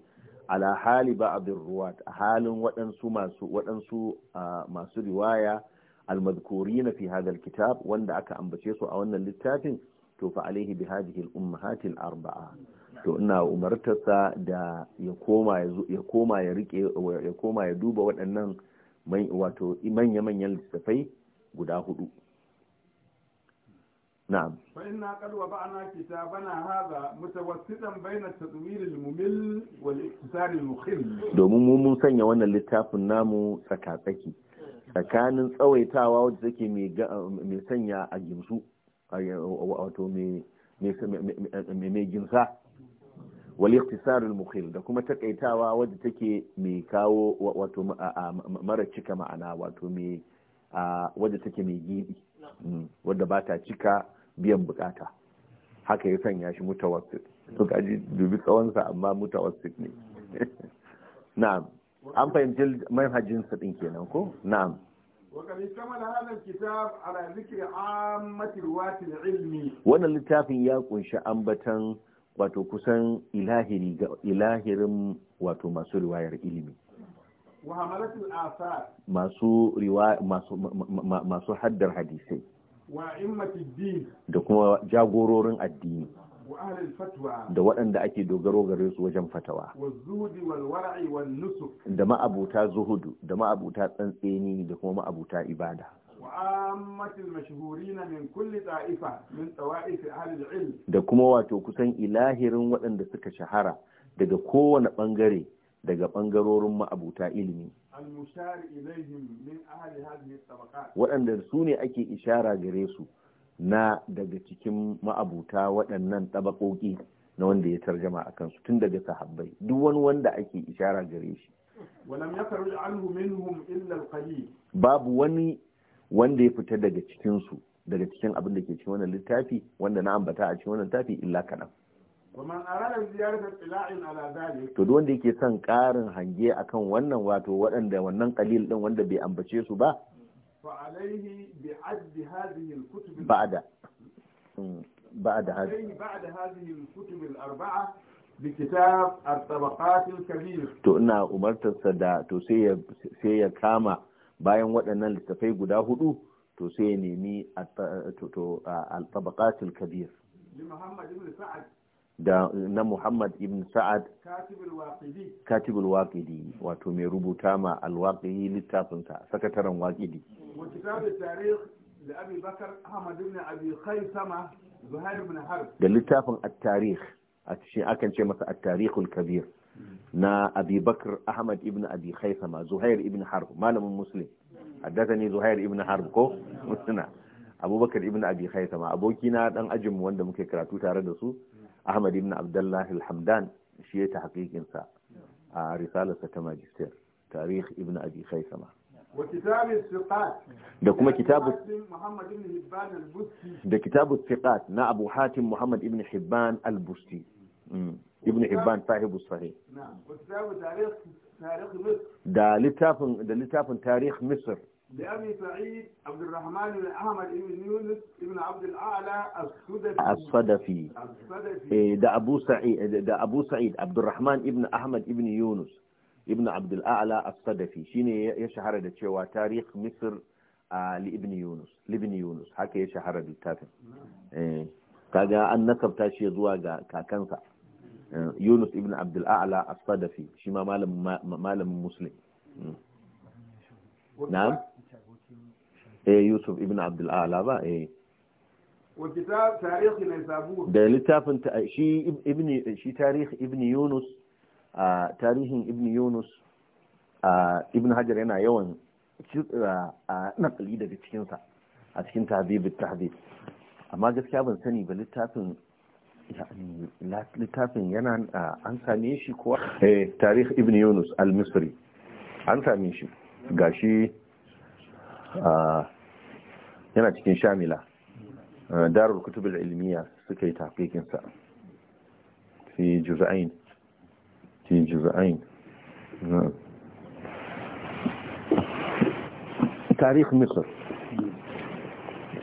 Speaker 1: ala hali ba abin ruwa a halin waɗansu masu waɗansu masu riwaya na fi hadal kitab wanda aka ambace su a wannan littafin to fa alaihi bi hadhihi al ummahatil arba'a to ina umartarsa da ya koma ya koma ya rike ya koma ya duba waɗannan wato manya-manyan littafai guda hudu na'am
Speaker 3: fa inna qad wada'na kitabana hadha mutawassitan bayna tadwir al mumil wal iktisar al-mukhil domin
Speaker 1: mu mun sanya wannan littafin namu tsakatsaki tsakanin tsawaitawa wanda take mai sanya a gimsu wato mai gimsa wal iqtisarul mukhil da kuma takaitawa wadda take mai kawo wato mara cika ma'ana wato mai wadda take mai gibi mm, wadda ba ta cika biyan bukata haka ya sanya shi mutawassit to kaji dubi tsawonsa amma mutawassit ne na'am an fahimci manhajin sa din kenan ko na'am wannan littafin ya kunshi ambaton wato kusan ilahiri ga ilahirin wato masu riwayar ilimi masu masu haddar hadisai da kuma jagororin addini da waɗanda ake dogaro gare su wajen fatawa da ma'abuta zuhudu da ma'abuta tsantseni da kuma ma'abuta ibada da kuma wato kusan ilahirin waɗanda suka shahara daga kowane ɓangare daga ɓangarorin ma'abuta ilimi waɗanda su ne ake ishara gare su na daga cikin ma'abuta waɗannan tabakoki na wanda ya tarjama a kansu tun daga sahabbai duk wani wanda ake ishara gare shi babu wani wanda ya fita daga cikin su daga cikin abin da ke cikin wannan littafi wanda na ambata a cikin wannan littafi illa kaɗan. to duk wanda yake son ƙarin hange akan wannan wato waɗanda wannan ƙalil ɗin wanda bai ambace su ba ba'da ba'da hadhihi
Speaker 3: al-kutub al-arba'a
Speaker 1: بكتاب
Speaker 3: الطبقات الكبير
Speaker 1: To ina umartarsa da to sai ya kama bayan waɗannan littafai guda hudu to sai ya nemi al-tabaqatul kabir da na Muhammad ibn Sa'ad katibul waqidi wato mai rubuta ma al-waqidi littafin sa sakataren waqidi
Speaker 3: wa kitabut tarikh da Abi Bakar Ahmad ibn Abi Khaysama Zuhair ibn Harb
Speaker 1: da littafin at-tarikh a cikin akan ce masa at-tarikhul kabir na Abibakar ahmad ibn abi khaisama zuhair ibn harb malamin muslim haddathani zuhair ibn harb ko musna abubakar ibn abi khaisama abokina dan ajinmu wanda muke karatu tare da su ahmad ibn abdullah al-hamdan shi ya ta hakikin sa a risalarsa ta magister tarikh ibn abi khaisama da kuma kitabu da kitabu siqat na abu hatim muhammad ibn hibban al-busti mm. ibn ibban sahibu sahih da da littafin tarih misr da abu sa'id da abu ibn ahmad ibn yunus ibn abd al shine ya shahara da cewa tarih misr li ibn haka ya shahara da littafin eh kaga an nasabta shi zuwa ga kakansa يونس ابن عبد الاعلى الصدفي شي ما مالم مالم مسلم نعم اي يوسف ابن عبد الاعلى بقى اي
Speaker 3: والكتاب تاريخ نيسابور ده
Speaker 1: لتاف انت شي ابن شي تاريخ ابن يونس آه، تاريخ ابن يونس آه، ابن هجر هنا يوان آه، نقل ايده في تشكينسا اتشكين تهذيب التهذيب اما جد كابن سني بلتافن littafin yana an same shi kuwa tarih ibn yunus al-misri an same shi gashi yana cikin shamila darul kutubul ilmiya suka yi tafikinsa fi juz'ain fi juz'ain tarih misr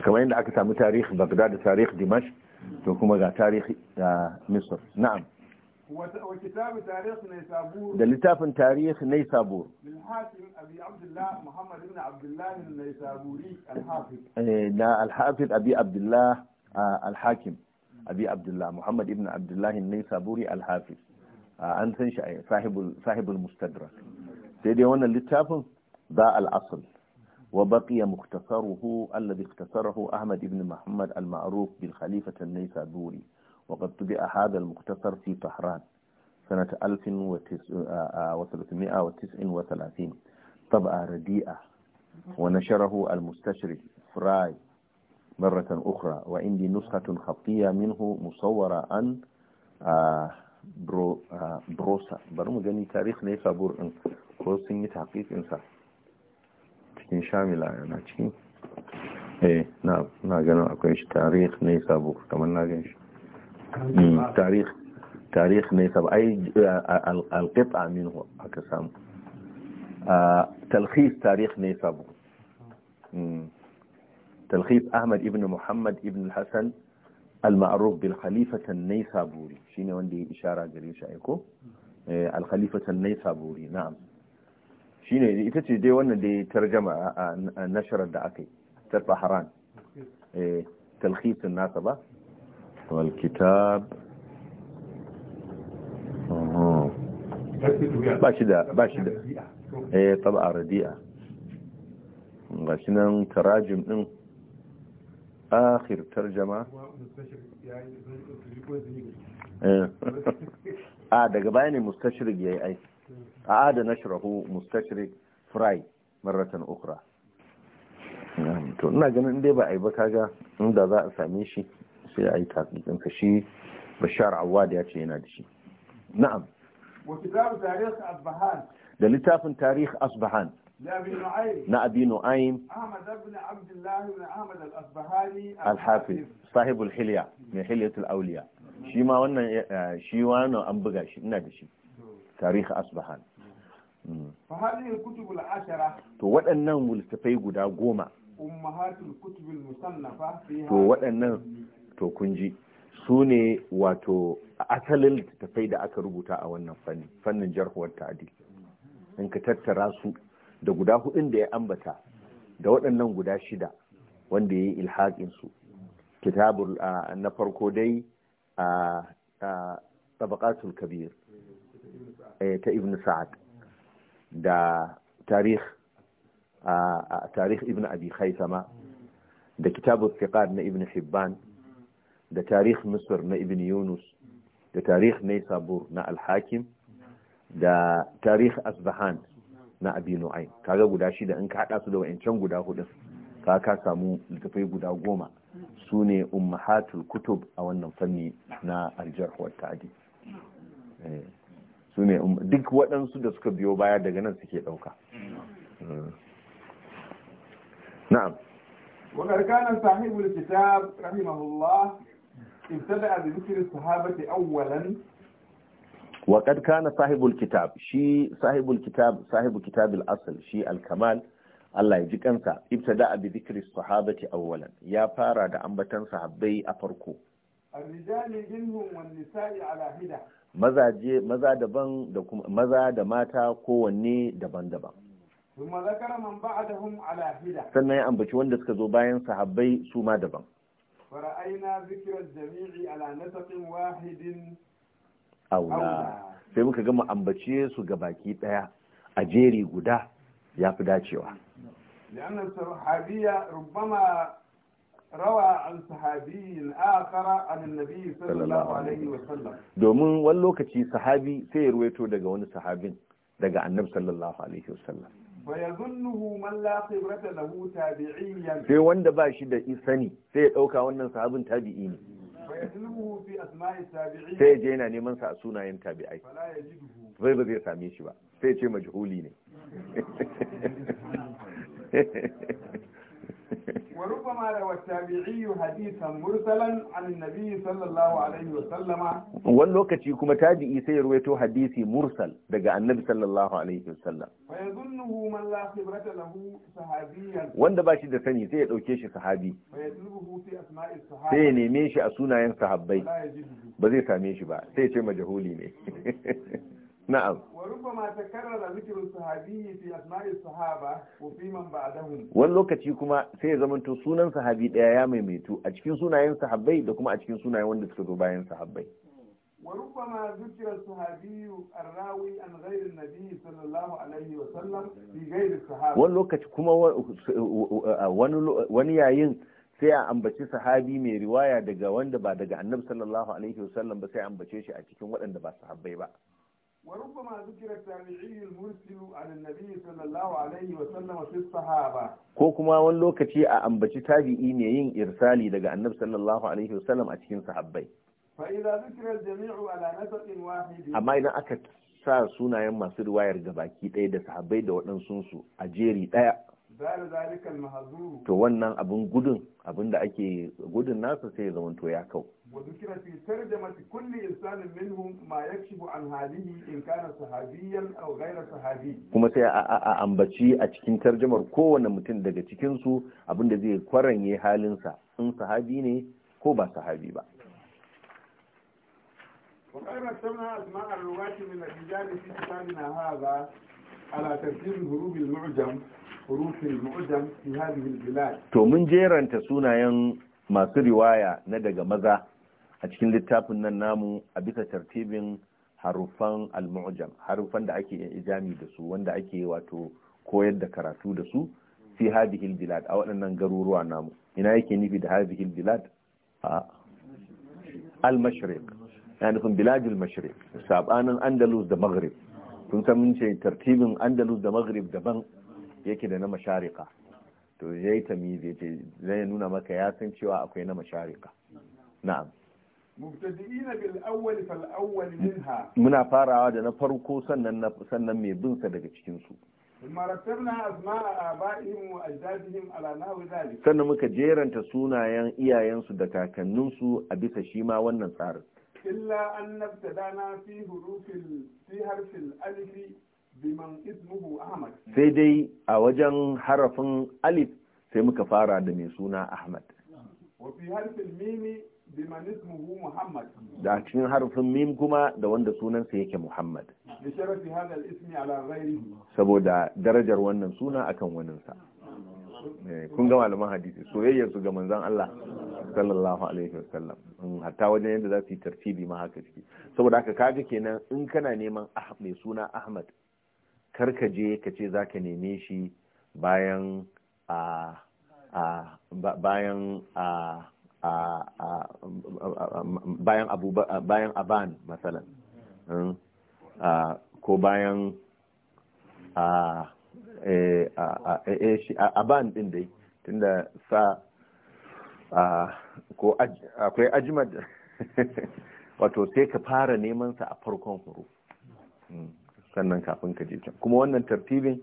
Speaker 1: kamar yadda aka sami tarih bagdad da tarih dimashq to kuma ga tarihi ga misr na'am da littafin tarih na sabo na alhafi abi abdullah eh, ah, alhakim abi abdullah muhammad ibn abdullah nai saburi alhafi ah, an san shi sahibul mustadrak sai dai wannan littafin za al'asal وبقي مختصره الذي اختصره أحمد بن محمد المعروف بالخليفة النيسابوري وقد طبع هذا المختصر في طهران سنة 1339 آه، آه، طبعة رديئة ونشره المستشرق فراي مرة أخرى وعندي نسخة خطية منه مصورة عن آه، بروسا برمجاني تاريخ نيسابور كورسيني تحقيق إنسان cikin shamila yana cikin eh na ganin akwai shi tarih ne sabo kamar na gan shi hmm, tarih tarih ne sabo ai alqita minhu aka samu talkhis tarih ne sabo hmm. talkhis ahmad ibn muhammad ibn hasan al-ma'ruf bil khalifata an shine wanda ya ishara gare shi aiko eh, al-khalifata na'am shine ita ce dai wannan da ya tarjama a nasharar da aka yi ta baharan eh, talhisin nasa ba wal ba shi da ba da eh tab'a radi'a ga shi nan tarajim din akhir tarjama eh. a daga baya ne mustashrik yayi aiki أعاد نشره مستشرق فراي مرة أخرى to ina ganin dai ba a yi ba kaga inda za a same shi sai a yi tafikin ka shi bashar awad ya ce yana da shi na'am da littafin tarihi asbahan na abi nu'aym
Speaker 3: al-hafiz
Speaker 1: sahibul hilya mai hilyatul auliya shi ma wannan shi wani an buga shi ina da shi tarihi asbahan Mm. fa to waɗannan guda goma
Speaker 3: to waɗannan
Speaker 1: to kun ji wato asalin littattafai da aka rubuta a wannan fannin fannin jarhuwar ta'adi in ka tattara su da guda hudun da ya ambata da waɗannan guda shida wanda ya yi ilhaƙin su Kitabun na farko dai a tabaqatul kabir eh, ta ibn sa'ad da tarih a tarih ibn abi haithama da kitabu fiqar na ibn hibban da tarih misr na ibn yunus da tarih naysabur na al alhakim da tarih asbahan na abi nu'ayn kaga guda shida in ka hada su da wayancan guda hudu ka ka samu littafai guda goma sune ne ummahatul kutub a wannan fanni na al-jarh wa ta'dil eh. su ne um, duk waɗansu da suka biyo baya daga nan suke ɗauka hmm. na'am
Speaker 3: وقد كان صاحب الكتاب رحمه الله ابتدأ بذكر الصحابة أولا
Speaker 1: Allah ya ji kansa ibtada sahabati awwalan ya fara da ambatan sahabbai a farko mazaje maza daban da kuma maza da mata kowanne daban-daban sannan ya ambaci wanda suka zo bayan sahabbai su ma daban
Speaker 3: fara'aina zikirar jami'i ala nasafin wahidin
Speaker 1: aula sai muka gama ambace su ga baki daya a jeri guda ya fi dacewa
Speaker 3: لأن روى عن صحابي آخر عن النبي صلى الله عليه وسلم
Speaker 1: دومن wani lokaci sahabi sai ya ruwaito daga wani sahabin daga annabi sallallahu alaihi wasallam
Speaker 3: fayazunnuhu man la khibrata lahu tabi'iyan sai
Speaker 1: wanda ba shi da isani sai ya dauka wannan sahabin tabi'i ne
Speaker 3: fayazunnuhu fi asma'i tabi'in sai je yana
Speaker 1: neman sa a sunayen tabi'ai bai ba zai same shi ba sai ya majhuli ne
Speaker 3: وربما روى التابعي حديثا مرسلا عن النبي صلى الله عليه وسلم
Speaker 1: وان لوكتي كما تابعي سيرويتو حديثي مرسل دغا النبي صلى الله عليه وسلم
Speaker 3: فيظنه من لا خبرة له صحابيا وند
Speaker 1: باشي ده سني sai ya شي صحابي
Speaker 3: فيظنه في اسماء الصحابه سي
Speaker 1: a sunayen sahabbai ba zai same shi ba sai ya ce majhuli ne na'am wani lokaci kuma sai ya zamanto sunan sahabi daya ya maimaitu a cikin sunayen sahabbai da kuma a cikin sunayen wanda suka zo bayan sahabbai
Speaker 3: وربما ذكر الصحابي الراوي عن غير النبي صلى الله عليه وسلم في غير الصحابة wani
Speaker 1: lokaci kuma wani yayin sai a ambaci sahabi mai riwaya daga wanda ba daga annabi sallallahu alaihi wasallam ba sai a ambace shi a cikin waɗanda ba sahabbai ba
Speaker 3: وربما ذكر التابعي المرسل عن النبي صلى الله عليه وسلم في الصحابة
Speaker 1: ko kuma wani lokaci a ambaci tabi'i ne yin irsali daga annabi sallallahu alaihi wasallam a cikin sahabbai amma idan aka sa sunayen masu riwayar baki ɗaya da sahabbai da waɗansunsu a jeri ɗaya to wannan abin gudun abin da ake gudun nasa sai ya zamanto ya kau
Speaker 3: وذكر في ترجمة كل إنسان منهم ما يكشف عن هذه إن كان صحابيا أو غير صحابي
Speaker 1: كما sai أمبتشي أتكين ترجمة cikin tarjamar kowane mutum daga cikinsu abinda zai kwaranye halinsa in sahabi ne ko ba sahabi ba
Speaker 3: أسماء الرواة من الرجال في كتابنا هذا على ترتيب هروب المعجم حروف المعجم في هذه البلاد.
Speaker 1: تو من جيران تسونا ين masu riwaya na daga maza a cikin littafin nan namu a bisa tartibin harufan al-mu'jam harufan da ake yin ijami da su wanda ake wato koyar da karatu da su fi hadhihi bilad a waɗannan garuruwa namu ina yake nufi da hadhihi bilad a al-mashriq ya nufin biladul mashriq sabanin andalus da maghrib kun san mun ce tartibin andalus da maghrib daban yake da na masharika to yayi tamizi yace zai nuna maka ya san cewa akwai na masharika na'am muna farawa da na farko sannan mai bin sa daga cikin su sannan muka jeranta sunayen iyayensu da kakanninsu a bisa shi ma wannan tsarin
Speaker 3: illa an nabtadana fi hurufin fi harfin alifi biman ismuhu ahmad sai
Speaker 1: dai a wajen harafin alif sai muka fara da mai suna ahmad
Speaker 3: wa fi harfin mimi
Speaker 1: da cikin harfin mim kuma da wanda sunansa yake Muhammad saboda darajar wannan suna akan sa. Eh, kun ga malaman hadisi soyayyar su ga manzon Allah sallallahu alaihi wasallam mm, hatta wajen yadda za su yi tartibi ma haka ciki saboda haka kaga kenan in kana neman ah, mai suna Ahmad karka je ka ce zaka neme shi bayan ah, ah, a bayan a bayan bayan aban masalan hmm? ko bayan aban din dai tunda sa ko akwai ajimar wato sai ka fara neman sa a farkon huru hmm? sannan kafin ka je can kuma wannan tartibin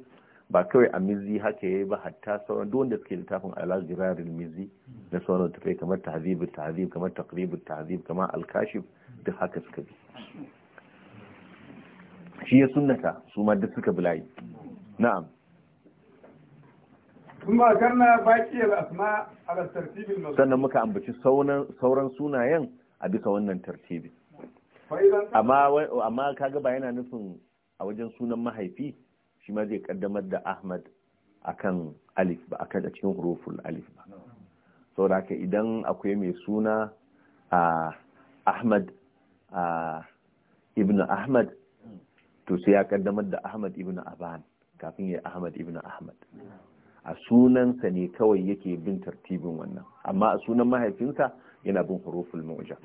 Speaker 1: ba kawai a mizi haka yayi ba hatta sauran duk wanda suke littafin ala ziraril mizzi na sauran tafai kamar tahzibu tahzib kamar taqribu tahzib kamar al-kashif duk haka suka bi shi ya sunnata su ma duk suka bulayi na'am
Speaker 3: kuma karna baki al-asma ala tartibin mazkur sannan
Speaker 1: muka ambaci sauran sunayen a bisa wannan tartibi amma amma kaga ba yana nufin a wajen sunan mahaifi shi ma zai kaddamar da ahmad akan alif ba akan cikin huruful alif ba saboda haka idan akwai mai suna a ahmad a ibn ahmad to sai ya kaddamar da ahmad ibn aban kafin ya ahmad ibn ahmad a sunansa ne kawai yake bin tartibin wannan amma a sunan mahaifinsa yana bin huruful mu'jam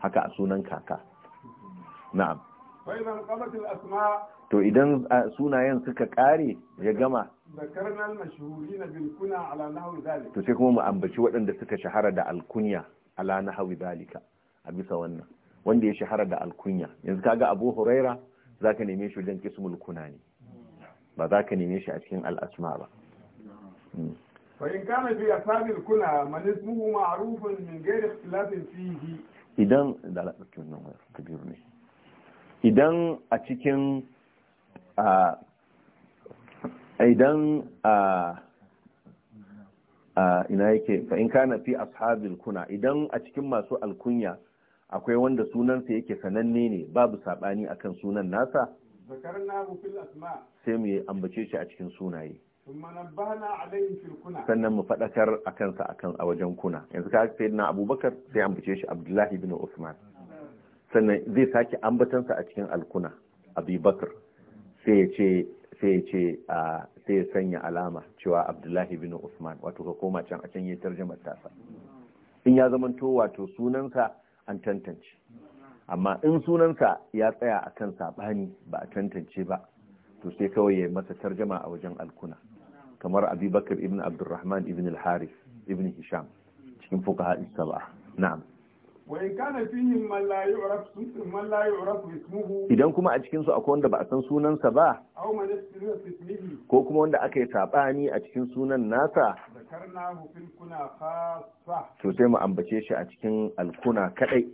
Speaker 1: haka a sunan kaka na'am to idan sunayen suka kare ya gama to sai kuma mu ambaci waɗanda suka shahara da alkunya ala hawi zalika a bisa wannan wanda ya shahara da alkunya yanzu kaga abu huraira zaka neme shi wajen mulkuna ne ba za ka neme shi a cikin al'asma ba
Speaker 3: فإن كان في أصحاب الكنى من اسمه معروف من غير اختلاف فيه
Speaker 1: إذن لا لا ne idan a cikin a idan a ina yake fa in kana fi ashabil kuna idan a cikin masu alkunya akwai wanda sunansa yake sananne ne babu sabani akan sunan nasa sai mu ambace shi a cikin sunaye sannan mu faɗakar a kansa akan a wajen kuna yanzu ka sai na abubakar sai ambace shi abdullahi bin usman sannan zai sake ambatansa a cikin alkuna abubakar sai ya ce sai ya ce a sai ya sanya alama cewa abdullahi bin usman wato ka koma can a can ya tarjamar tasa in ya zamanto wato sunansa an tantance amma in sunansa ya tsaya a kan sabani ba a tantance ba to sai kawai ya masa tarjama a wajen alkuna kamar abubakar ibn abdurrahman ibn al-haris ibn hisham cikin fuka haɗin saba na'am idan kuma a cikinsu akwai wanda ba a san sunansa ba ko kuma wanda aka yi saɓani a cikin sunan nasa to sai mu ambace shi a cikin alkuna kaɗai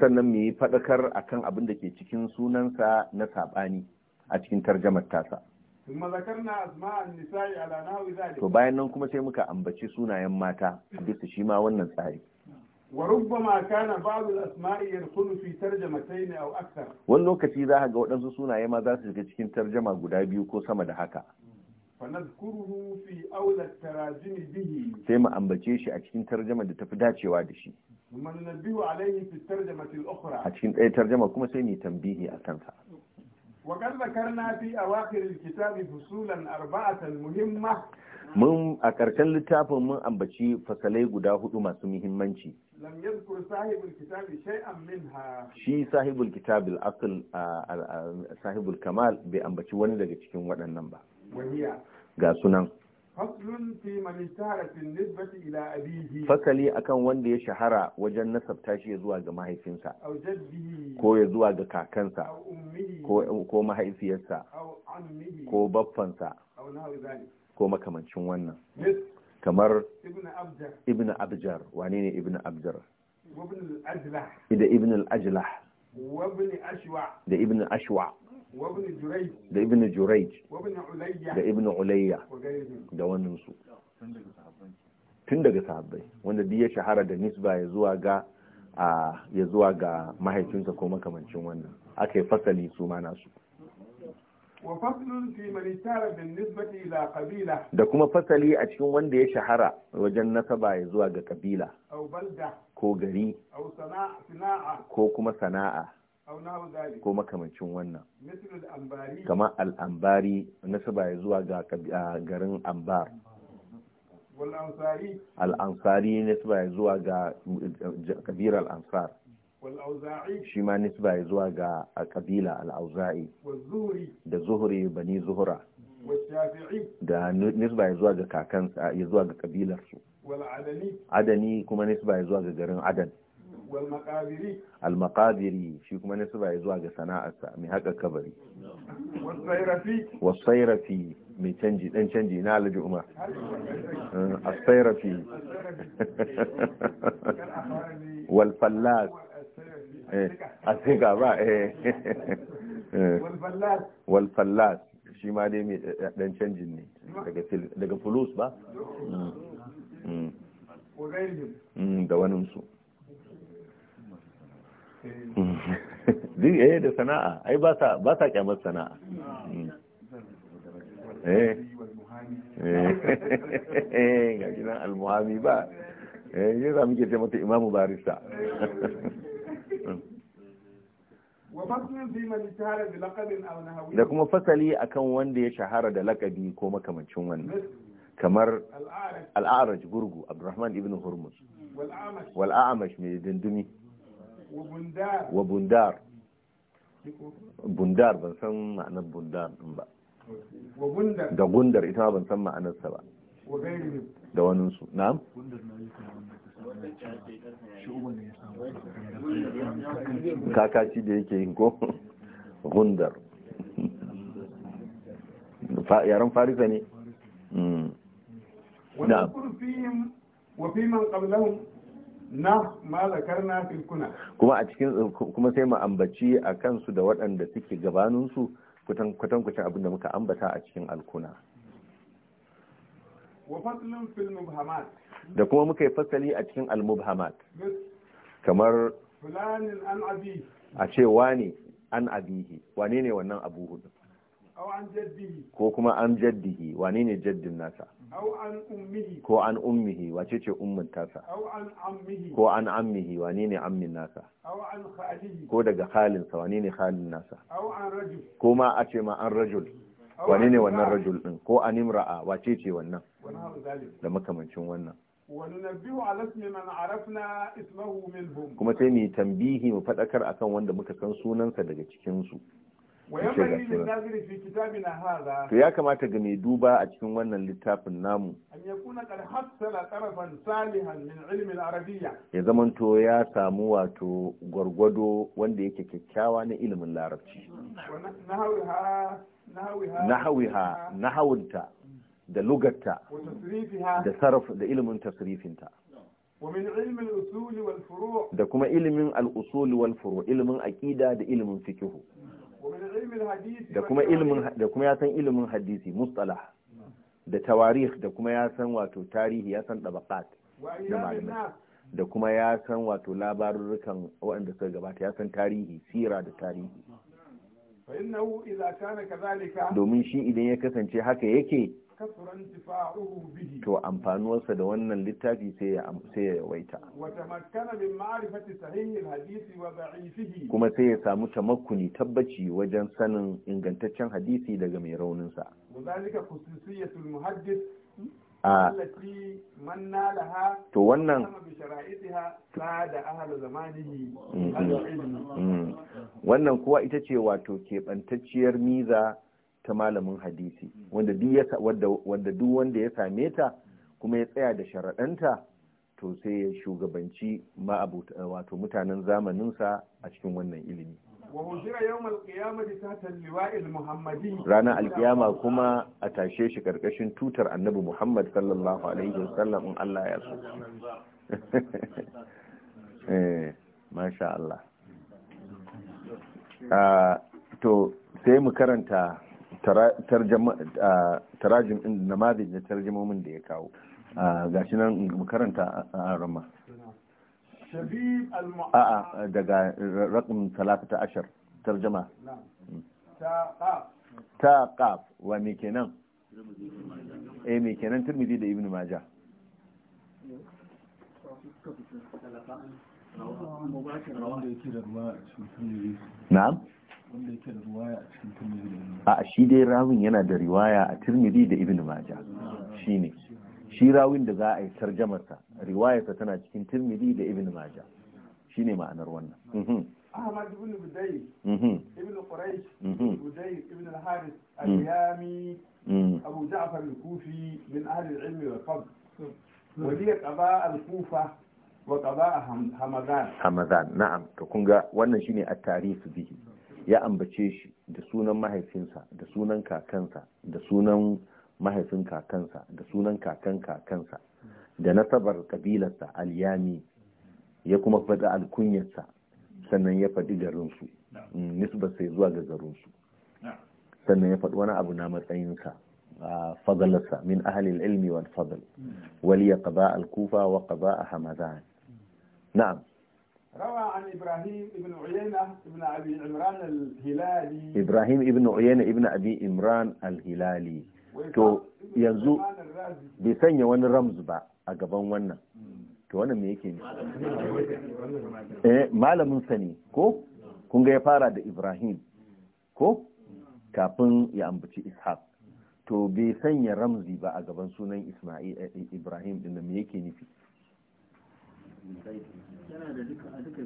Speaker 1: sannan mu yi faɗakar akan abin da ke cikin sunansa na saɓani a cikin tarjamar tasa
Speaker 3: ثم ذكرنا asma'an النساء على نحو ذلك to
Speaker 1: bayan nan kuma sai muka ambaci sunayen mata bisa shi ma wannan tsari
Speaker 3: وربما كان بعض الأسماء يدخل في ترجمتين أو أكثر
Speaker 1: wani lokaci za ka ga waɗansu sunaye ma za su shiga cikin tarjama guda biyu ko sama da haka
Speaker 3: فنذكره في أولى التراجم
Speaker 1: به cikin tarjama da أكين ترجمة تفداتي da
Speaker 3: ثم ننبه عليه في الترجمة الأخرى أكين
Speaker 1: أي ترجمة كما سيني تنبيه kansa.
Speaker 3: وقد ذكرنا في أواخر الكتاب فصولا أربعة مهمة
Speaker 1: mun a ƙarshen littafin mun ambaci fasalai guda hudu masu muhimmanci shi sahibul kitabil akil sahibul kamal bai ambaci wani daga cikin waɗannan ba ga sunan Fasali akan wanda ya shahara wajen nasabta shi zuwa ga mahaifinsa, ko ya zuwa ga kakansa, ko mahaifiyarsa, ko baffansa, ko makamancin wannan. Kamar Ibn Abjar, wane ne Ibn Abjar? Da Ibn Al-Ajlah. Da Ibn Ashwa.
Speaker 3: da ibn jurayj da ibn ulayya
Speaker 1: da su tun daga sahabbai wanda duk ya shahara da nisba ya zuwa ga ya zuwa ga mahaifinsa ko makamancin wannan aka yi fasali su ma nasu da kuma fasali a cikin wanda ya shahara wajen nasaba ya zuwa ga kabila
Speaker 3: ko gari
Speaker 1: ko kuma sana'a ko makamancin wannan kamar al'ambari nasaba ya zuwa ga garin ambar al'ansari saba ya zuwa ga kabir al'ansar shi ma saba ya zuwa ga kabila al'auza'i da zuhuri bani zuhura da nisba ya zuwa ga kakansa ya zuwa ga kabilarsu adani kuma nisba ya zuwa ga garin adani al-maqabiri shi kuma na suba ya zuwa ga sana'arsa mai haka kabari wasairafi mai canji dan canji na alhaji umar asairafi wal fallas asiga ba wal shima dai mai dan canjin ne daga fulus ba da waninsu
Speaker 2: Mm-hmm.
Speaker 1: duk eh da sana'a ai ba sa ba sa kyamar sana'a
Speaker 2: eh eh, eh.
Speaker 1: eh ga gidan almuhami ba eh yi za mu ke ce mata imamu barista da kuma fasali akan wanda ya shahara da lakabi ko makamancin wannan kamar al'araj gurgu abdurrahman ibn hurmuz wal'amash mai dindumi wa bundar bundar ban san ma'anar bundar din ba da gundar ita ban san ma'anarsa ba da waninsu na'am kakaci da yake yin ko gundar Yaran farisa ne hmm. na'am
Speaker 3: na malakar na filkuna
Speaker 1: kuma a cikin kuma sai mu ambaci a kansu da waɗanda suke gabaninsu kutan kutan kutan muka ambata a cikin alkuna da kuma muka yi fasali a cikin al-mubhamat kamar
Speaker 3: fulanin an abi
Speaker 1: a ce wani an abihi wane ne wannan abu hudu ko kuma an jaddihi wani ne jaddin nasa ko an ummihi wace ce ummin tasa ko an ammihi wani ne ammin nasa ko daga halinsa wani ne halin nasa ko ma a ce ma an rajul
Speaker 3: wani ne wannan rajul
Speaker 1: din ko an imra'a wace ce wannan da makamancin wannan kuma sai mu tambihi mu faɗakar akan wanda muka san sunansa daga cikinsu to ya kamata ga mai duba a cikin wannan littafin namu ya zamanto ya samu wato gwargwado wanda yake kyakkyawa na ilimin larabci
Speaker 3: nahawiha
Speaker 1: nahawunta da lugatta da sarraf da ilimin tasrifinta da kuma ilimin al'usuli wal furu ilimin aƙida da ilimin fikihu
Speaker 3: da kuma ilimin
Speaker 1: da kuma ya san ilimin hadisi mustalah da tawarih da kuma ya san wato tarihi ya san dabaqat da malamai da kuma ya san wato labarurukan waɗanda suka gabata ya san tarihi sira da tarihi domin shi idan ya kasance haka yake to amfanuwarsa da wannan littafi sai ya yawaita kuma sai ya samu tamakkuni tabbaci wajen sanin ingantaccen hadisi daga mai rauninsa. a to wannan wannan kuwa ita ce wato keɓantacciyar miza ta malamin hadisi wanda duk wanda ya same ta kuma ya tsaya da sharaɗanta to sai ya shugabanci wato mutanen zamanin sa a cikin wannan ilimi ranar alkiyama kuma a tashe shi karkashin tutar annabi muhammad sallallahu alaihi wasallam in allah ya so eh, masha allah ah, to sai mu karanta tarajim ɗin da tarjimomin da ya kawo ga shi nan makaranta a rama a'a daga raƙin talata ashar tarjama hmm. ta kaf wa me kenan eh me kenan turmidi da ibn maja na'am a shi dai rawin yana da riwaya a tirmidhi da ibn maja ne, shi rawin da za a yi tarjamarsa riwayarsa tana cikin tirmidhi da ibn maja ne ma'anar wannan mhm.
Speaker 3: Ahmad ibn budai mhm. ibn Quraish Budayl mhm. ibn al haris mm. al-Yami mm. Abu Ja'far al-Kufi min ahli al-ilm wal fadl wa qaba al-Kufa wa qaba Hamadan Hamadan na'am to kun
Speaker 1: ga wannan shine at tarikh bihi ya ambace shi da sunan mahaifinsa da sunan kakansa da sunan mahaifin kakansa da sunan kakan kakansa da nasabar kabilarsa alyami ya kuma faɗi alkunyarsa sannan ya faɗi garinsu mm, nisbar sai zuwa ga garinsu sannan ya faɗi wani abu na matsayinsa fadalarsa min ahalil ilmi wal fadl mm. wali ya qada al kufa wa a hamadan mm. na'am
Speaker 3: روى عن ابراهيم ابن عيينة ابن ابي عمران الهلالي
Speaker 1: ابراهيم ابن عيينة ابن ابي عمران الهلالي to yanzu bai sanya wani rams ba a gaban wannan to wannan me yake malamin sa ne ko kun ga ya fara da Ibrahim ko kafin ya ambaci Ishaq to bai sanya ramzi ba a gaban sunan Ibrahim din me yake nufi yana da duka a duka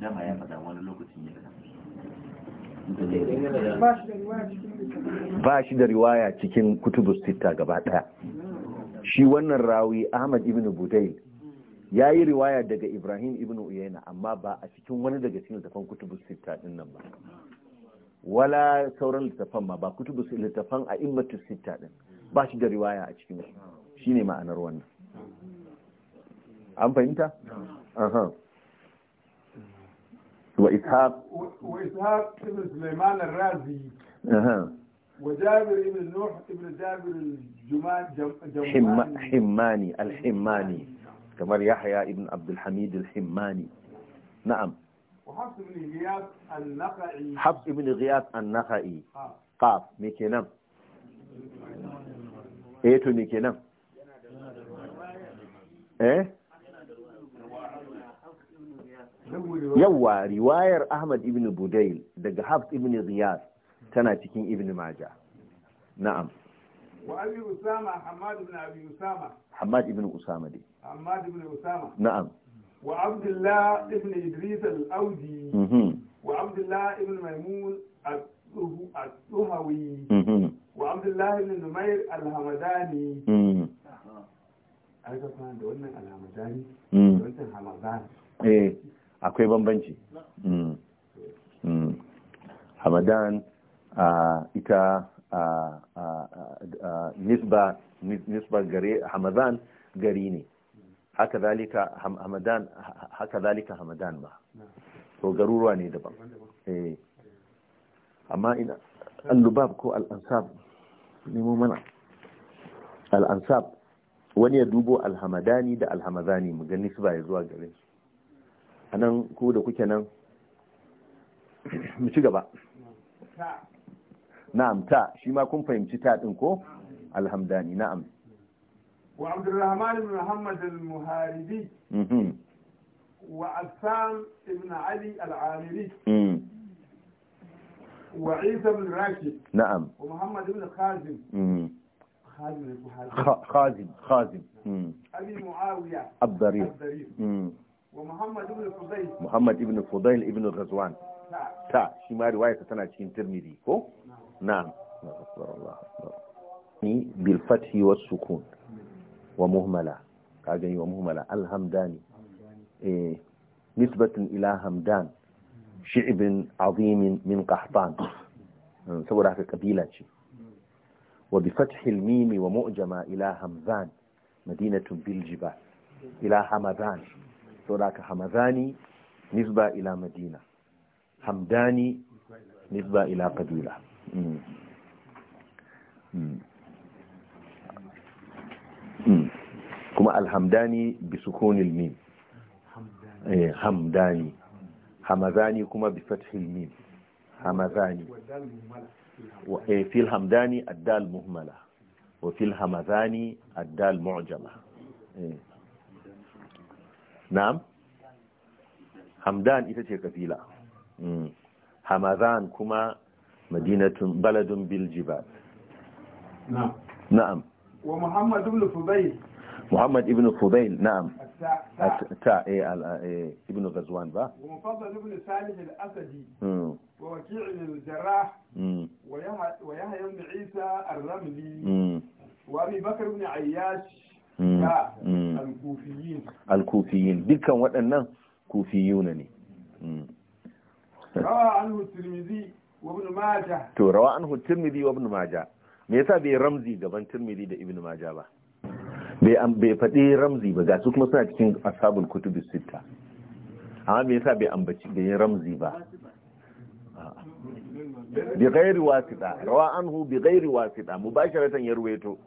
Speaker 1: dama ya wani lokacin ya ba shi da riwaya cikin kutubu sita gaba ɗaya shi wannan rawi ahmad ibn budayl ya yi riwaya daga ibrahim ibn uyayna amma ba a cikin wani daga cikin littafan kutubu sita din nan ba wala sauran littafan ma ba kutubu littafan a immatu sita din ba shi da riwaya a cikin shi ne ma'anar wannan an fahimta aha wa ishaq
Speaker 3: wa ishaq ibn sulaiman ar-razi aha وجابر ابن نوح ابن جابر الجماني حماني
Speaker 1: الحماني كما يحيى ابن عبد الحميد الحماني نعم
Speaker 3: وحفص بن غياث النخعي حفص
Speaker 1: بن غياث النخعي قاف me kenan eh to ايه eh yawwa riwayar ahmad ibn budail daga habs ibn ziyar tana cikin ibn maja na'am
Speaker 3: wa abi usama hamad ibn abi
Speaker 1: ibn usama dai
Speaker 3: na'am wa abdullah ibn idris al-audi mhm. wa abdullah ibn maimun al-duhawi mhm. wa abdullah ibn numair al-hamadani mhm. aka fara da wannan al-hamadani wannan hamadani
Speaker 1: eh akwai bambanci mm. Mm. hamadan ita nisba gare hamadan gari ne haka zalika hamadan ba to garuruwa ne daban eh. amma ina allubab lubab ko al'ansab nemo mana al'ansab wani ya dubo alhamadani da alhamadani mu ga nisba ya zuwa gare a nan ku da kuke nan mu ci gaba na'am ta shi ma kun fahimci ta din ko alhamdani na'am
Speaker 3: wa abdurrahman ibn muhammad al-muharibi mhm. wa assam ibn ali al-amiri mm. wa isa ibn rashid na'am wa muhammad ibn khazim خازم
Speaker 1: خازم خازم
Speaker 3: أبي معاوية الضرير ومحمد ابن فضيل محمد
Speaker 1: ابن فضيل ابن غزوان نعم. تا شما روايه تنا cikin ترمذي كو نعم نعم الله ني بالفتح والسكون ومهمله كاجي ومهمله الحمداني إيه. نسبه الى همدان شعب عظيم من قحطان نعم، سبورا في قبيلة نعم. وبفتح الميم ومؤجمة إلى همذان مدينة بالجبال إلى همذان sauraka hamazani nisba ila madina hamdani nisba ila kabila kuma alhamdani bi sukunil mim hamdani hamazani kuma bi fathil mim hamazani wa fil hamdani ad-dal muhmala wa fil hamazani ad-dal mu'jama eh na'am hamdan ita ce kabila mm. hamazan kuma madinatun baladun biljibal na'am
Speaker 3: wa muhammad ibn fudayl
Speaker 1: muhammad ibn fudayl na'am ta ibn ghazwan ba
Speaker 3: wa mufaddal ibn salih al-asadi mm. wa waki' al-jarrah mm. wa yahya ibn isa ar-ramli wa abi bakr ibn ayyash
Speaker 1: Mm, mm. al-kufiyin dukkan waɗannan kufiyuna ne mm.
Speaker 3: rawa anhu tirmidhi wa ibn majah
Speaker 1: to rawa anhu tirmidhi me yasa bai ramzi gaban tirmidhi da ibn majah ba bai faɗi ramzi ba ga su kuma suna cikin ashabul kutubi sita amma me yasa bai ambaci bai ramzi ba bi ghairi wasita rawa anhu bi ghairi wasita mubasharatan yarwaito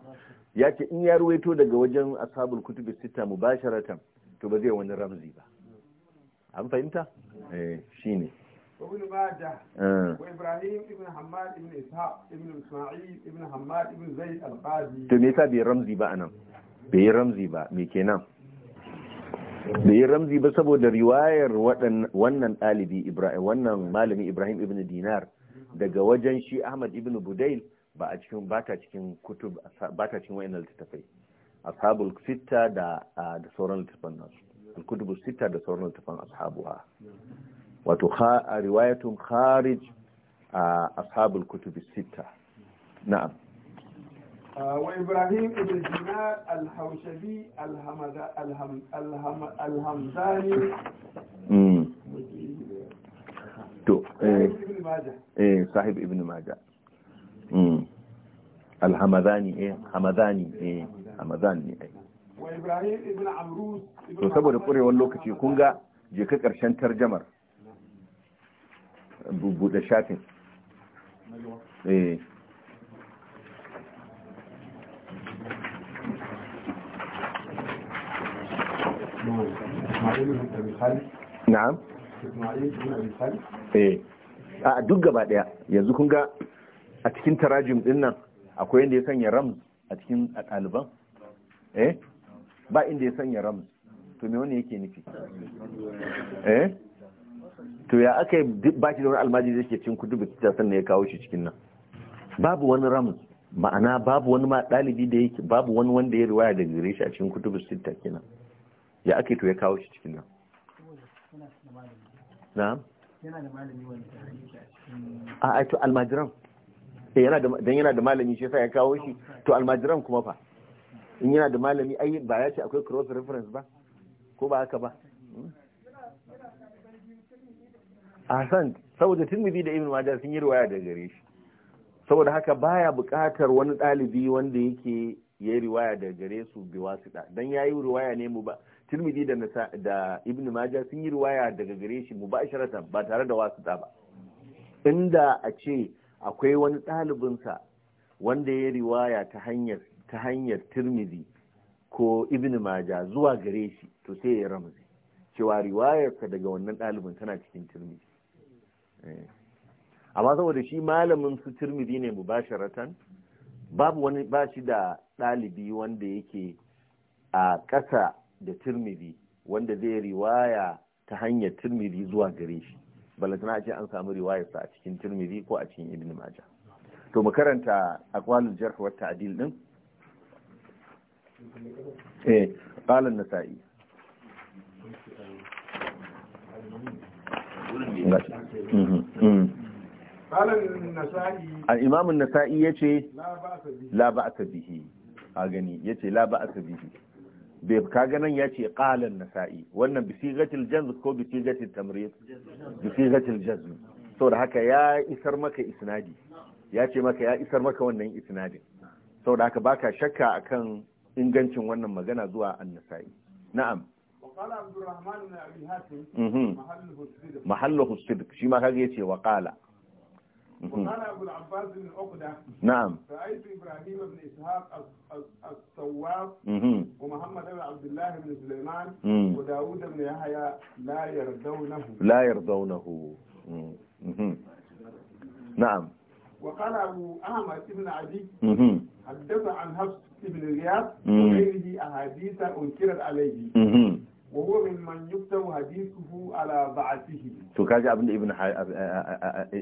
Speaker 1: ya ce in ya ruwaito daga wajen asabul kutubi sita mubasharatan to ba zai wani ramzi ba an fahimta eh shine eh.
Speaker 3: wa Ibrahim Ibn Hamad, Ibn isha Ibn ابن Ibn Hamad, Ibn ابن Al-Qadi. to me
Speaker 1: yasa bai ramzi ba anan bai yi ramzi ba me kenan bai yi ramzi ba saboda riwayar wannan dalibi, ibrahim wannan malami ibrahim ibn dinar daga wajen shi ahmad ibn budail ba a cikin ba ta cikin kutub ba ta cikin wayannan littattafai ashabul sitta da da sauran littattafan nasu kutubu sitta da sauran littattafan ashabuha wato riwayatun kharij ashabul Kutub sitta na'am
Speaker 3: Wa وإبراهيم بن دينار الحوشبي الهمزاني
Speaker 1: Sahib Ibn ماجه Mm. alhamadani eh hamadani eh hamadani eh. to saboda kurewar lokaci kun ga je ka karshen tarjamar bubuɗe shafin eh na'am eh. a duk gaba daya yanzu kun ga a cikin tarajim din nan akwai inda ya sanya rams a cikin ɗaliban eh ba inda ya sanya rams to me wani yake nufi eh to ya aka yi ba shi da wani almaji da ke cin kudu ta sannan ya kawo shi cikin nan babu wani rams ma'ana babu wani ma ɗalibi da yake babu wani wanda ya riwaya da gare shi a cikin da sitta kenan ya ake to ya kawo shi cikin nan na'am
Speaker 2: yana da malami wanda a
Speaker 1: aito almajiran eh yana da dan yana da malami shi yasa ya kawo shi to almajiran kuma fa in yana da malami ai ba ya ce akwai cross reference ba ko ba haka ba ahsan saboda tirmidhi da ibn majah sun yi riwaya daga gare shi saboda haka baya buƙatar wani ɗalibi wanda yake ya yi riwaya da gare su bi wasiɗa dan ya yi riwaya ne mu ba tirmidhi da da ibn majah sun yi riwaya daga gare shi mu ba ba tare da wasiɗa ba inda a ce akwai wani ɗalibinsa wanda ya riwaya ta hanyar ta hanyar ko ibn maja zuwa gare shi to sai ya ramzi cewa riwayarsa daga wannan ɗalibin tana cikin tirmizi eh. amma saboda shi malamin su tirmizi ne mu bashi ratan, babu wani bashi da ɗalibi wanda yake a ƙasa da tirmizi wanda zai riwaya ta hanyar tirmidhi zuwa gare shi balantana a ce an samu riwayarsa a cikin tirmidhi ko a cikin ibn majah to mu karanta aqwalul jarh wa ta'dil din eh qala an-nasa'i al-imam an-nasa'i yace la ba'sa bihi a gani yace la ba'sa bihi bai kaga nan ya ce qalan nasa'i wannan bi sigatil jazm ko bi sigatil tamrid bi sigatil jazm da haka ya isar maka isnadi ya ce maka ya isar maka wannan isnadin da haka baka shakka akan ingancin wannan magana zuwa an-nasa'i na'am
Speaker 3: وقال عبد الرحمن بن ابي حاتم محله الصدق
Speaker 1: محله الصدق شي ما كاجي يتي وقال وقال
Speaker 3: أبو العباس بن عقدة نعم رأيت إبراهيم بن إسحاق الصواب ومحمد بن عبد الله بن سليمان وداود بن يحيى لا يرضونه لا
Speaker 1: يرضونه نعم
Speaker 3: وقال أبو أحمد بن عدي حدث عن حفص بن غياث وغيره أحاديث أنكرت عليه wa huwa mimman yuktabu hadithuhu ala ba'athihi
Speaker 1: to abin da ibn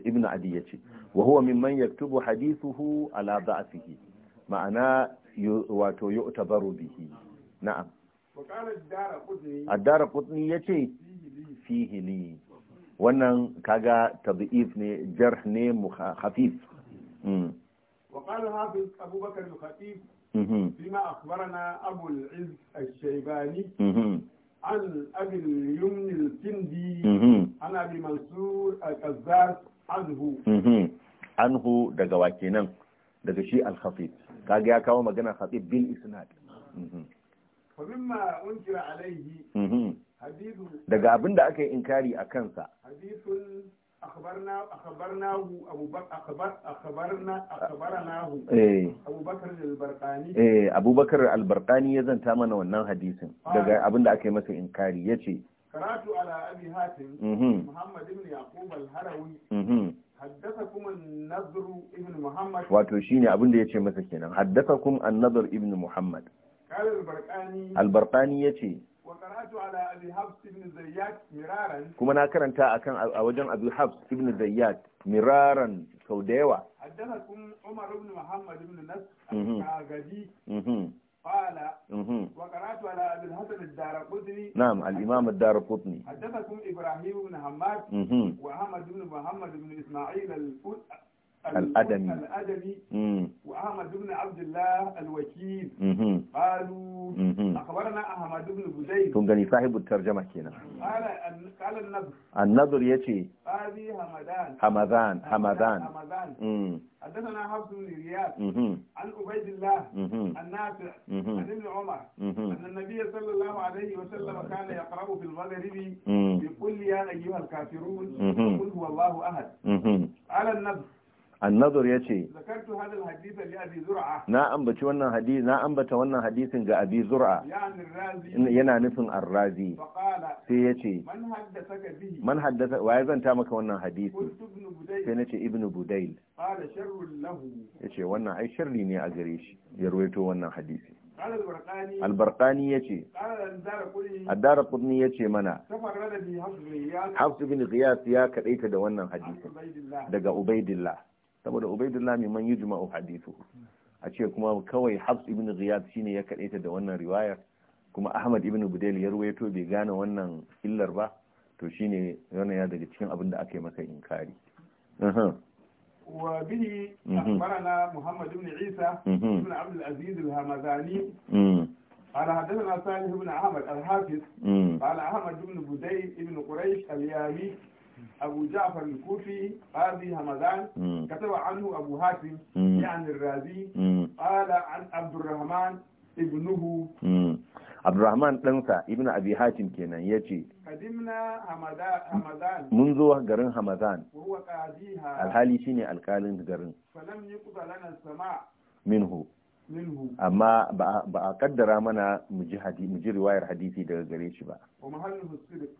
Speaker 1: ibn adi yace wa huwa mimman yaktubu hadithuhu ala ma'ana wato yu'tabaru bihi na'am addara kutni ya yace fihi wannan kaga tabi'if ne jarh ne khafif
Speaker 3: وقال بكر الخطيب فيما عن أبي اليمن الكندي عن أبي منصور الكذاب عنه
Speaker 1: عنه دقوا daga shi al-khatib kage ya kawo magana khatib bil isnad fa
Speaker 3: unkira alaihi daga abinda
Speaker 1: aka yi inkari a kansa
Speaker 3: أخبرنا أخبرناه أبو بكر أخبر أخبرنا أخبرناه أبو بكر البرقاني إيه
Speaker 1: أبو بكر البرقاني يزن تامنا ونال حديثا دقا أبن دقا كيما إنكاري يتي
Speaker 3: قرأت على أبي هاتم محمد بن يعقوب الهروي حدثكم النضر ابن محمد واتو
Speaker 1: شيني أبن دقا يتي مسا كينا حدثكم النضر ابن محمد
Speaker 3: قال البرقاني
Speaker 1: البرقاني يتي kuma na karanta akan a wajen abu habs ibn Zayyad miraran sau da yawa
Speaker 3: haddathakum umar ibn muhammad ibn nas al-gadi قال وقرأت على أبي الحسن الدارقطني نعم
Speaker 1: الإمام الدارقطني
Speaker 3: حدثكم إبراهيم بن حماد وأحمد بن Isma'il بن إسماعيل الأدمي الأدمي وأحمد بن عبد الله الوكيل قالوا أخبرنا أحمد بن بزيد تنقلي
Speaker 1: صاحب الترجمة كنا
Speaker 3: قال قال النضر
Speaker 1: النضر يتي
Speaker 3: هذه حمدان حمدان حمدان همدان حدثنا حفص بن رياض عن عبيد الله النافع عن ابن عمر أن النبي صلى الله عليه وسلم كان يقرأ في المغرب يقول يا أيها الكافرون قل هو الله أحد قال النضر
Speaker 1: annadar ya ce na ambaci wannan hadisi na ambata wannan hadisin ga abi zur'a yana nufin arrazi
Speaker 3: sai ya ce man haddasa
Speaker 1: waye zan ta maka wannan hadisi sai na ce ibnu budail ya ce wannan ai sharri ne a gare shi ya ruwaito wannan hadisi albarkani ya ce addara kudni ya ce mana hafsu bin giyas ya kaɗaita da wannan hadisi daga ubaidillah saboda ubaidullah mai man yujma'u hadithu a ce kuma kawai habs ibn ghiyad shine ya ta da wannan riwayar kuma ahmad ibn budel ya ruwaito bai gane wannan illar ba to shine wannan ya daga cikin abin da aka yi masa inkari
Speaker 3: وبه أخبرنا محمد بن عيسى بن عبد العزيز الهمذاني قال حدثنا صالح بن أحمد الحافظ قال أحمد بن بدي بن قريش اليامي أبو جعفر الكوفي قاضي همدان كتب عنه أبو حاتم يعني الرازي قال عن عبد الرحمن ابنه
Speaker 1: عبد الرحمن ɗansa ibn abi hatim kenan ya ce mun zo garin hamadan alhali shine alkalin garin minhu amma ba a kaddara mana mu ji riwayar hadisi daga gare shi ba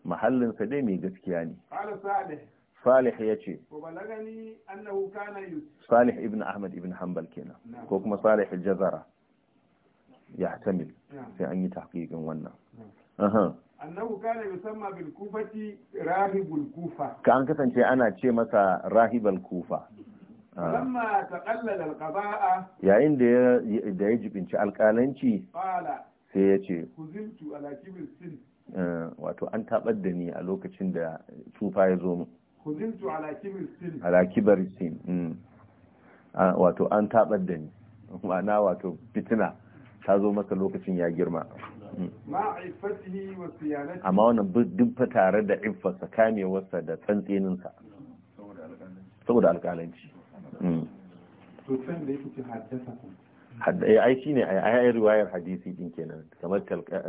Speaker 1: mahallin sa dai mai gaskiya ne salih ya ce salih ibn ahmad ibn hanbal kenan ko kuma salih jazara ya tamil sai an yi tahqiqin wannan
Speaker 3: annahu kana yusamma bil kufati rahibul kufa
Speaker 1: ka an kasance ana ce masa rahibal kufa Ah. yayin da ya jibinci alƙalanci sai ya ce eh, wato an taɓar da ni a lokacin da tsufa ya zo mu alakibar sin mm. wato an taɓar da ni ma'ana wato fitina ta zo masa lokacin ya girma mm. amma wannan duk tare da iffarsa kamewarsa da tsantseninsa saboda alƙalanci to can da yake haddasa eh, ai shi ai riwayar hadisi din kenan kamar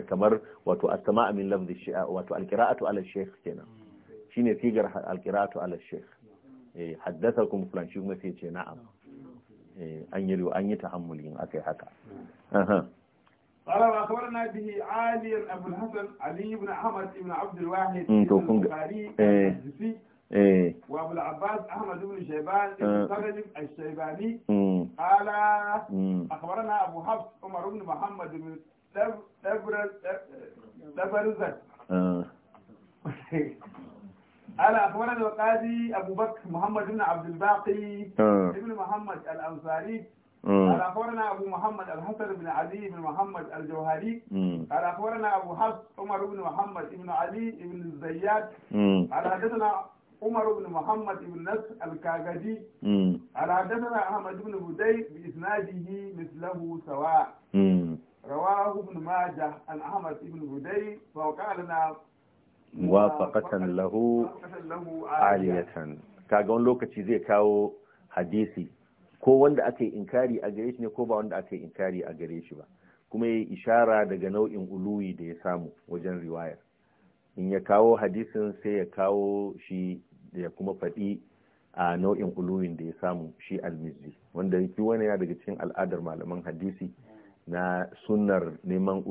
Speaker 1: kamar wato as min lafzi shi'a wato al ala shaykh kenan shine sigar al ala shaykh eh haddathakum fulan shi kuma sai ce na'am eh an yi an yi tahammuli in akai haka aha
Speaker 3: قال واخبرنا به عالي ابو الحسن علي بن احمد بن عبد الواحد البخاري إيه. وابو العباس احمد بن شيبان المترجم آه. الشيباني قال اخبرنا ابو حفص عمر بن محمد بن تبرزت
Speaker 2: آه.
Speaker 3: قال اخبرنا القاضي ابو بكر محمد بن عبد الباقي آه. ابن محمد الانصاري قال اخبرنا ابو محمد الحسن بن علي بن محمد الجوهري قال اخبرنا ابو حفص عمر بن محمد بن علي بن الزيات قال حدثنا عمر بن محمد بن نصر الكاغدي على حدثنا احمد بن بدي باسناده مثله سواء رواه ابن ماجه عن احمد بن بدي فقال موافقة
Speaker 1: له عالية kaga wani lokaci كاو حديثي ko wanda aka yi inkari a gare shi ne ko ba wanda aka yi inkari a gare shi ba kuma ya yi ishara daga nau'in uluwi da ya samu wajen riwayar in ya kawo hadisin sai ya kawo shi ya kuma faɗi a nau'in uluwin da ya samu shi almizzi wanda yake wani ya daga cikin al'adar malaman hadisi na sunnar neman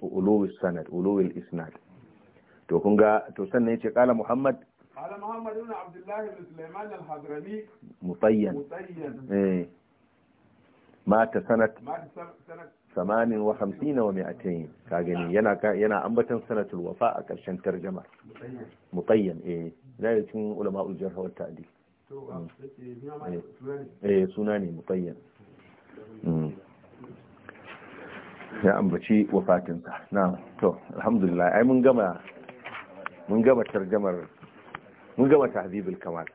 Speaker 1: uluwi sanad uluwil isnad to kun ga to sannan yace kala muhammad
Speaker 3: kala muhammad ibn abdullah ibn sulaiman al-hadrami mutayyan mutayyan eh
Speaker 1: mata sanad
Speaker 3: mata sanad
Speaker 1: samanin wa hamsina wa mi'atayn ka gani yana yana ambatan sanatul wafa a ƙarshen tarjama mutayyan eh zai cikin ulama'ul jarh wa ta'dil mm. eh, eh. eh suna ne mutayyan mm. ya ambaci wafatinsa na to alhamdulillah ai mun gama mun gama tarjamar mun gama tahzibul kamal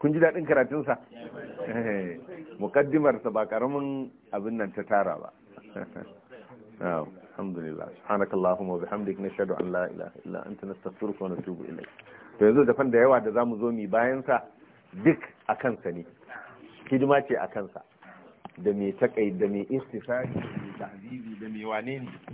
Speaker 1: kun ji daɗin karatunsa eh. sa ba ƙaramin abin nan ta tara ba نعم الحمد لله سبحانك اللهم وبحمدك نشهد أن لا إله إلا أنت نستغفرك ونتوب إليك to yanzu da fanda yawa da za mu zo mi bayansa duk a kansa ne hidima ce a kansa da mai takai da mai istifari da mai tahzibi da mai wane ne